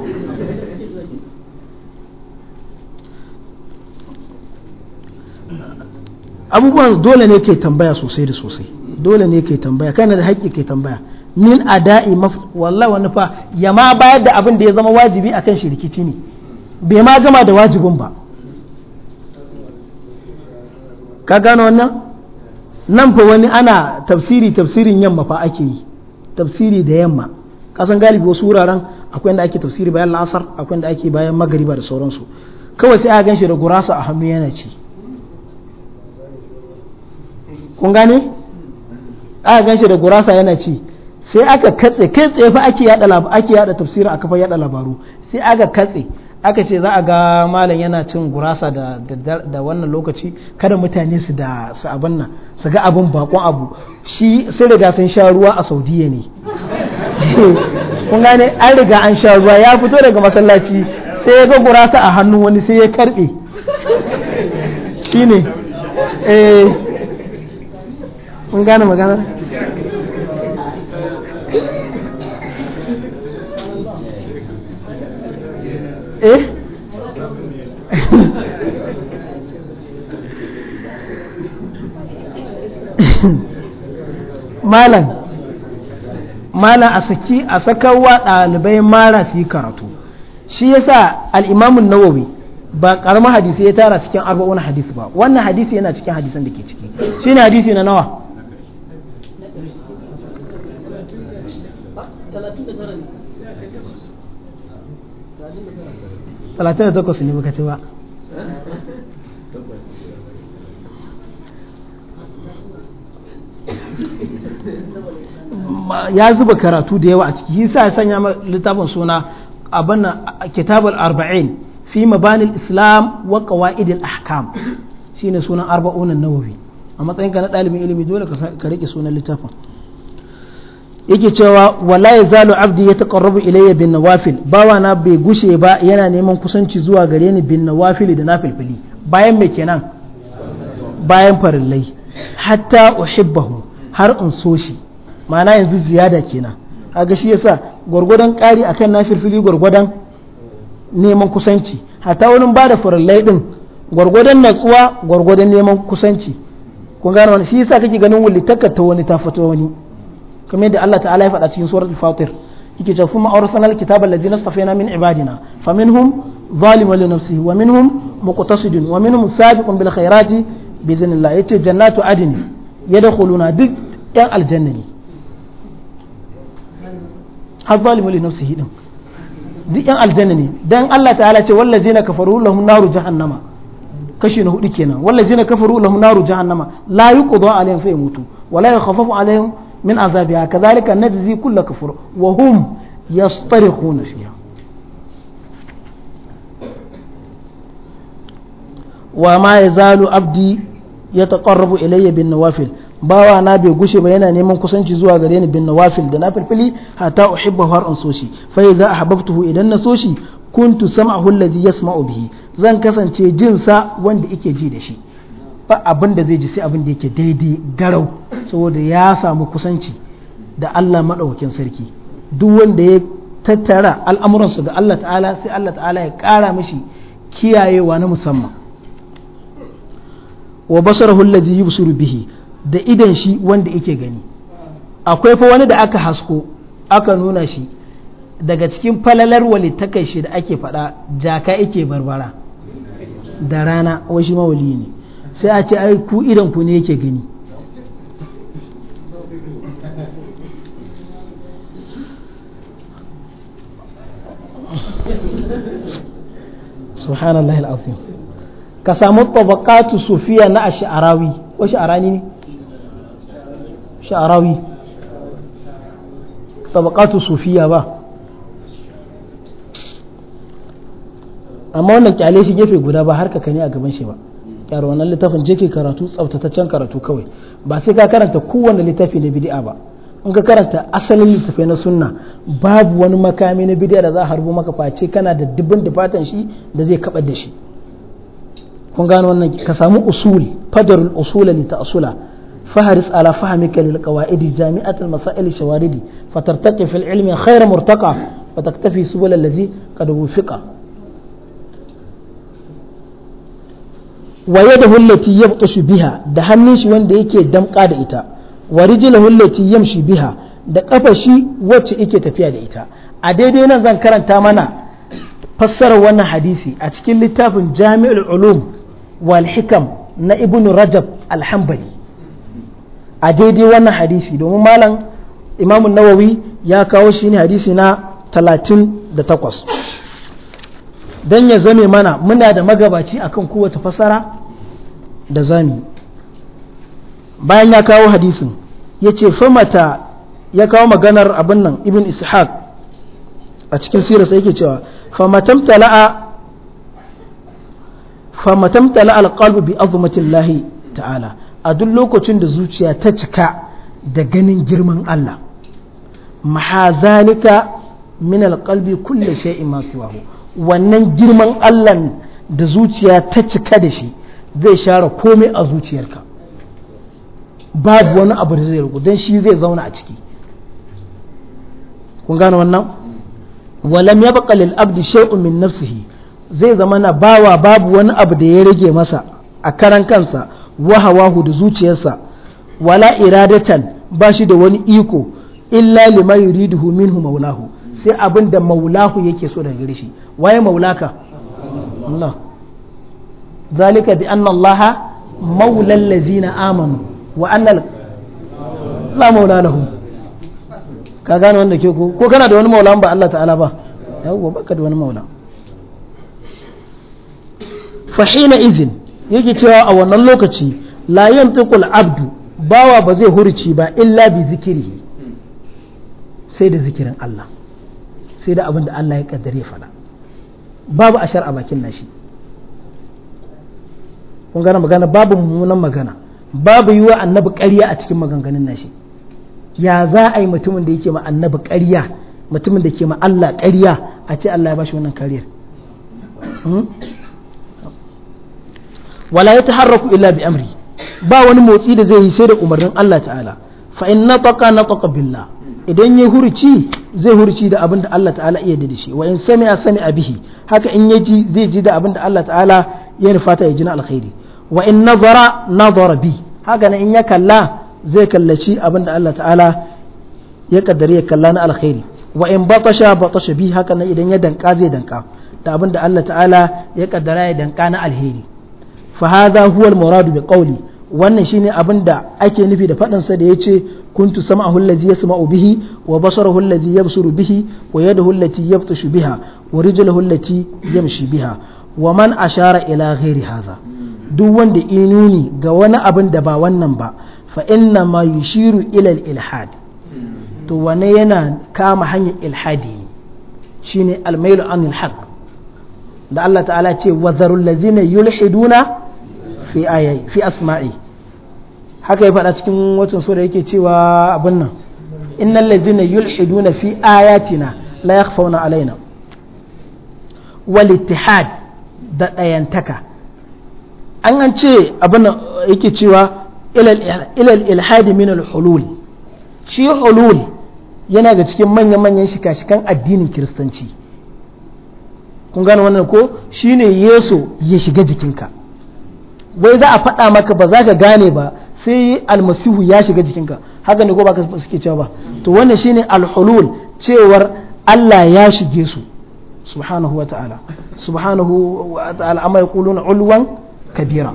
abubuwan dole ne ke tambaya sosai da sosai dole ne ke tambaya kana da haƙƙi ke tambaya min ada'i maf wallahi wani fa ya ma bayar da abin da ya zama wajibi akan shi rikici ne bai ma gama da wajibin ba ka gano wannan nan fa wani ana tafsiri tafsirin yamma fa ake yi tafsiri da yamma kasan galibi wasu wuraren akwai inda ake tafsiri bayan la'asar akwai inda ake bayan magariba da sauransu kawai sai a gan shi da gurasa a hannu yana ci kun gane a gan shi da gurasa yana ci sai aka katse kai tsaye fa ake yada ake yada tafsirin a fa yada labaru sai aka katse aka ce za a ga malam yana cin gurasa da da wannan lokaci kada mutane su da su abin nan su ga abin bakon abu shi sai riga sun sha ruwa a Saudiya ne kun gane an riga an sha ruwa ya fito daga masallaci sai ya ga gurasa a hannun wani sai ya karbe shine eh kun gane magana eh malam malam a saki a sakawa ɗalibai mara su yi karatu shi yasa al'imamun nawawi ba ƙaramin hadisi ya tara cikin arba'un hadisi ba wannan hadisi yana cikin hadisan da ke ciki shi ne hadisi na nawa talatin da takwas ne baka ce ba ya zuba karatu da yawa a ciki yasa ya sanya littafin suna abin kitabul arba'in fi mabanil islam wa qawaidil ahkam shine sunan arba'un nawawi a matsayin ka na dalibin ilimi dole ka rike sunan littafin yake cewa wala ya zalu abdi ya taqarrabu ilayya bin nawafil bawa na bai gushe ba yana neman kusanci zuwa gare ni bin nawafil da nafilfili bayan mai kenan bayan farillai hatta uhibbahu har in so shi ma'ana yanzu ziyada kenan kaga shi yasa gwargwadon ƙari akan nafilfili gwargwadon neman kusanci hatta wani ba da farillai din gwargwadon natsuwa gwargwadon neman kusanci kun gane wani shi yasa kake ganin wulitaka ta wani ta fito wani kamar yadda Allah ta'ala ya faɗa cikin suratul fatir yake cewa kuma awrathanal kitaba alladhina istafayna min ibadina faminhum zalimun li nafsihi wa minhum muqtasidun wa minhum sabiqun bil khairati bi idhnillah yace jannatu adni yadkhuluna duk yan aljanna ne har zalimun li nafsihi din duk yan aljanna ne dan Allah ta'ala ce wallazina kafaru lahum naru jahannama kashi na hudu kenan wallazina kafaru lahum naru jahannama la yuqda alaihim fa yamutu wa la yakhafafu alaihim min azabiha kadhalika najzi kullu kafur wa hum yastarikhuna fiha wa ma yazalu abdi yataqarrabu ilayya bin nawafil bawa na bai gushe ba yana neman kusanci zuwa gare ni bin nawafil da nafilfili hatta uhibba har an so shi fa idza ahbabtuhu idan na so shi kuntu sam'ahu alladhi yasma'u bihi zan kasance jin sa wanda yake ji da shi ba abin da zai ji sai abin da yake daidai garau saboda ya samu kusanci da Allah maɗaukin sarki duk wanda ya tattara al'amuransu ga Allah ta'ala sai Allah ta'ala ya ƙara mishi kiyayewa na musamman wa basarahu alladhi yubsiru bihi da idan shi wanda yake gani akwai fa wani da aka hasko aka nuna shi daga cikin falalar walittakai shi da ake faɗa jaka yake barbara da rana wa shi mawali ne sai a ce ai ku idan ku ne yake gani subhanallah al'azim ka samu tabaqatu sufiya na ash'arawi ko sha'arani ne sha'arawi tabaqatu sufiya ba amma wannan kyale shi gefe guda ba harka ka ne a gaban shi ba yaro wannan littafin je ke karatu tsaftataccen karatu kawai ba sai ka karanta kowanne littafi na bid'a ba in ka karanta asalin littafai na sunna babu wani makami na bid'a da za a harbo maka face kana da dubin da shi da zai kabar da shi kun gano wannan ka samu usul fadarul usula li ta'sula فهرس على فهمك للقواعد جامعة المسائل الشواردي فترتقي في العلم خير مرتقى فتكتفي سبل الذي قد وفق wa hulati ya yabtashu biha da hannun shi wanda yake damƙa da ita wa hulati ya yamshi biha da ƙafa shi wacce yake tafiya da ita a daidai nan zan karanta mana fassarar wannan hadisi a cikin littafin Jami'ul Ulum wal Hikam na Ibn Rajab al a daidai wannan hadisi domin malam imamu Nawawi ya kawo shi ne hadisi na 38 don ya zame mana muna da magabaci akan kowace fasara da zami bayan ya kawo hadisin ya ce famata ya kawo maganar abin nan ibn ishaq a cikin sirasa yake cewa famatamtala alƙalbu bi lahi ta'ala a duk lokacin da zuciya ta cika da ganin girman Allah mahazalika min alƙalbi kulle shay'in masu wahu wannan girman allan da zuciya ta cika da shi zai share komai a zuciyarka babu wani abu da zai rugu don shi zai zauna a ciki kun gane wannan walam ya baka abdi shay'un min nafsihi zai zama na bawa babu wani abu da ya rage masa a karan kansa wahawahu da zuciyarsa wala iradatan ba shi da wani iko illa lima yuriduhu minhu maulahu sai abin da maulahu yake so daga gare shi waye maulaka Allah zalika bi anna Allah maulal ladzina amanu wa anna la maula lahum ka gane wanda ke ko ko kana da wani maula ba Allah ta'ala ba yawwa baka da wani maula fa hina izin yake cewa a wannan lokaci la yantiqul abdu bawa ba zai hurci ba illa bi zikiri sai da zikirin Allah sai da abin da Allah ya kaddare fada babu ashar a bakin nashi kun gana magana babu mummunan magana babu yiwa annabi ƙarya a cikin maganganun nashi ya za a yi mutumin da yake ma annabi ƙarya mutumin da ke ma Allah ƙarya a ce Allah ya bashi wannan kariyar hmm? wala yataharraku illa bi amri ba wani motsi da zai yi sai da umarnin Allah ta'ala fa in nataqa nataqa billah idan ya hurci zai hurci da abin da Allah ta'ala iya da shi wa in sami a bihi haka in ya ji zai ji da abin da Allah ta'ala ya nufata ya ji na alkhairi wa in nazara nazara bi haka na in ya kalla zai kallaci abin da Allah ta'ala ya kaddare ya kalla na alkhairi wa in batasha batasha bi haka na idan ya danka zai danka da abin da Allah ta'ala ya kaddara ya danka na alheri fa hadha huwa al-muradu bi qawli wannan shine abin da ake nufi da faɗansa da ya ce kuntu sam'ahu allazi yasma'u bihi wa basarahu allazi yabsuru bihi wa yadahu allati yabtashu biha wa rijluhu allati yamshi biha wa man ashara ila ghairi hadha duk wanda inuni ga wani abin da ba wannan ba fa inna ma yushiru ila ilhad to wane yana kama hanyar ilhadi shine almailu anil haq da Allah ta'ala ce wa zarul ladzina yulhiduna fi ayayi fi asma'i haka ya faɗa cikin watan da yake cewa abin nan innal ladina yulhiduna fi ayatina la yakhfawna alaina wal ittihad da dayantaka an an ce abin nan yake cewa ilal ilhadi min al hulul shi hulul yana da cikin manyan manyan shika-shikan addinin kiristanci kun gane wannan ko shine yeso ya shiga jikinka wai za a faɗa maka ba za ka gane ba sai almasihu ya shiga jikinka haka ne ko ba ka suke cewa ba to wannan shine alhulul cewar Allah ya shige su subhanahu wata'ala subhanahu wata'ala amma ya kulun ulwan kabira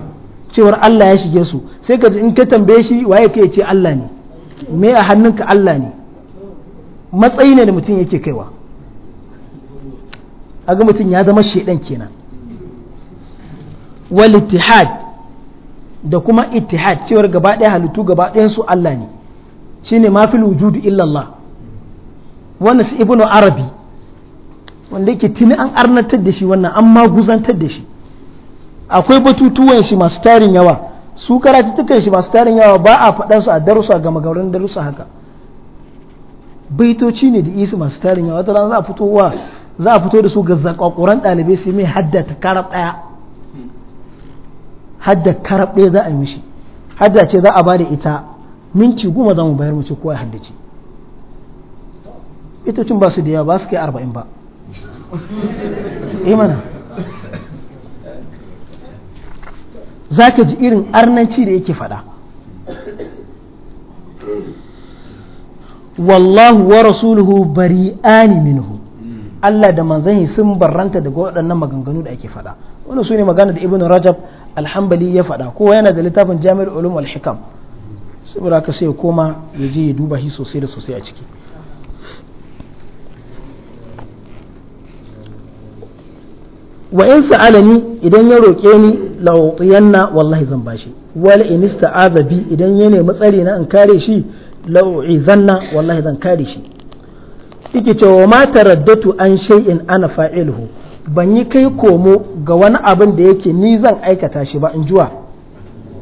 cewar Allah ya shige su sai ka in ka tambaye shi waye kai ce Allah ne me a hannunka Allah ne matsayi ne da mutum yake kaiwa aga mutum ya zama shedan kenan wal ittihad da kuma ittihad cewar gaba ɗaya halittu gaba ɗayan su Allah ne shine ma fil wujudu illa Allah wannan su ibnu arabi wanda yake tuni an arnatar da shi wannan an maguzantar da shi akwai batutuwan shi masu tarin yawa su karatutukan shi masu tarin yawa ba a faɗansu a darusa ga magaurin darusa haka baitoci ne da isu masu tarin yawa wata za a fito da su ga zakakuran ɗalibai sai mai haddata karab ɗaya hadda karab ɗaya za a yi mishi hadda ce za a ba da ita minti goma za mu bayar mu ci kowa haddace ita cin ba su da yawa ba su kai arba'in ba imana eh za ka ji irin arnanci da yake faɗa wallahu wa rasuluhu bari'ani minhu Allah da manzanni sun barranta daga waɗannan maganganu da ake faɗa wannan su ne magana da ibn rajab alhambali ya faɗa kowa yana da littafin jami'ar ulum al-hikam saboda ka sai ya koma ya je ya duba shi sosai da sosai a ciki wa in sa'alani idan ya roƙe ni na wallahi zan bashi wal in bi idan ya nemi tsari na in kare shi la'u'izanna wallahi zan kare shi yake cewa ma taraddatu an shay'in ana fa'iluhu ban yi kai komo ga wani abin da yake ni zan aikata shi ba in juwa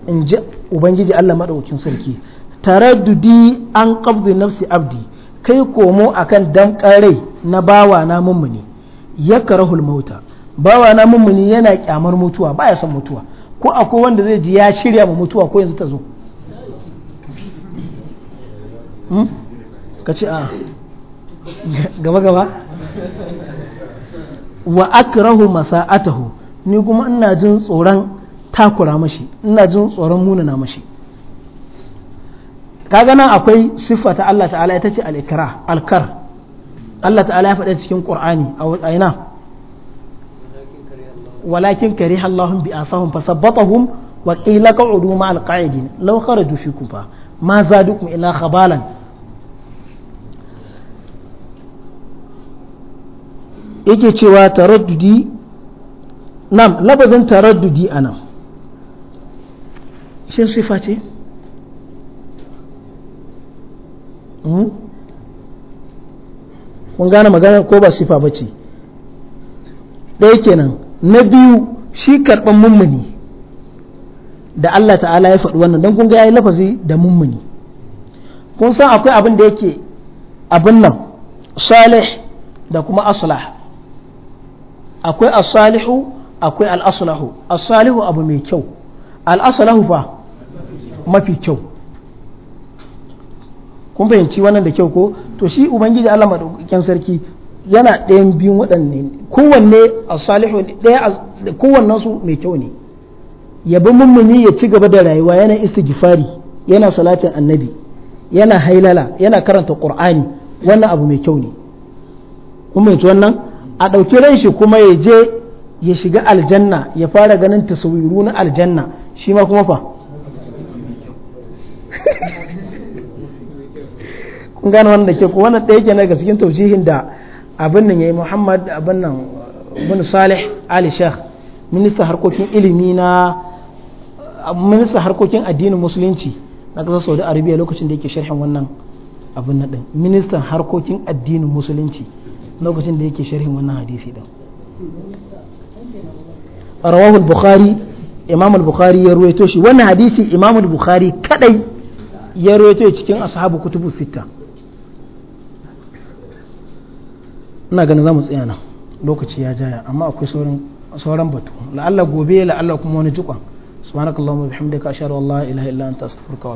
in ji ubangiji Allah maɗaukin sarki taraddudi an qabdi nafsi abdi kai komo akan dan rai na bawa na mummuni ya karahul mauta bawa na mummuni yana kyamar mutuwa baya son mutuwa ko akwai wanda zai ji ya shirya ma mutuwa ko yanzu ta zo hmm? ka ce a ah, gaba gaba wa akrahu masa'atahu ni kuma ina jin tsoron takura mashi ina jin tsoron munana mashi kaga nan akwai siffa ta Allah ta'ala ita ce al-ikra al-kar Allah ta'ala ya faɗa cikin Qur'ani a ina walakin kariha Allahum bi asahum fasabbatahum wa qila qa'udu ma al-qa'idin law kharaju fikum fa ma zadukum ila khabalan yake cewa taraddudi nam labazin taraddudi a nan shin sifa ce? Hmm? kun gane magana ko ba sifa ba ce ɗaya kenan na biyu shi karɓar mummuni da Allah ta'ala ya faɗi wannan don kun ya yi lafazi da mummuni kun san akwai abin da yake abin nan salih da kuma aslah akwai asalihu salihu akwai al asalihu salihu abu mai kyau al-aslahu fa mafi kyau kun fahimci wannan da kyau ko to shi ubangiji Allah madaukakin sarki yana ɗayan biyun waɗanne kowanne asalihu salihu ɗaya kowannen su mai kyau ne yabi mummuni ya ci gaba da rayuwa yana istighfari yana salatin annabi yana hailala yana karanta qur'ani wannan abu mai kyau ne kun fahimci wannan a ɗauki ran shi kuma ya je ya shiga aljanna ya fara ganin tasawiru na aljanna shi ma kuma fa kun gane wanda ke ku wannan ɗaya kenan ga cikin taushihin da abin nan yayi Muhammad abin nan bin Salih Ali Sheikh ministan harkokin ilimi na ministan harkokin addinin musulunci na ƙasar Saudi Arabia lokacin da yake sharhin wannan abin nan ɗin ministan harkokin addinin musulunci lokacin da yake sharhin wannan hadisi din rawahu al-bukhari imam al-bukhari ya ruwaito shi wannan hadisi imam al-bukhari kadai ya ruwaito cikin ashabu kutubu sita ina ganin zamu tsaya nan lokaci ya jaya amma akwai sauran sauran batu la'alla gobe la'alla kuma wani tukwan subhanakallahumma bihamdika ashhadu an la ilaha illa anta astaghfiruka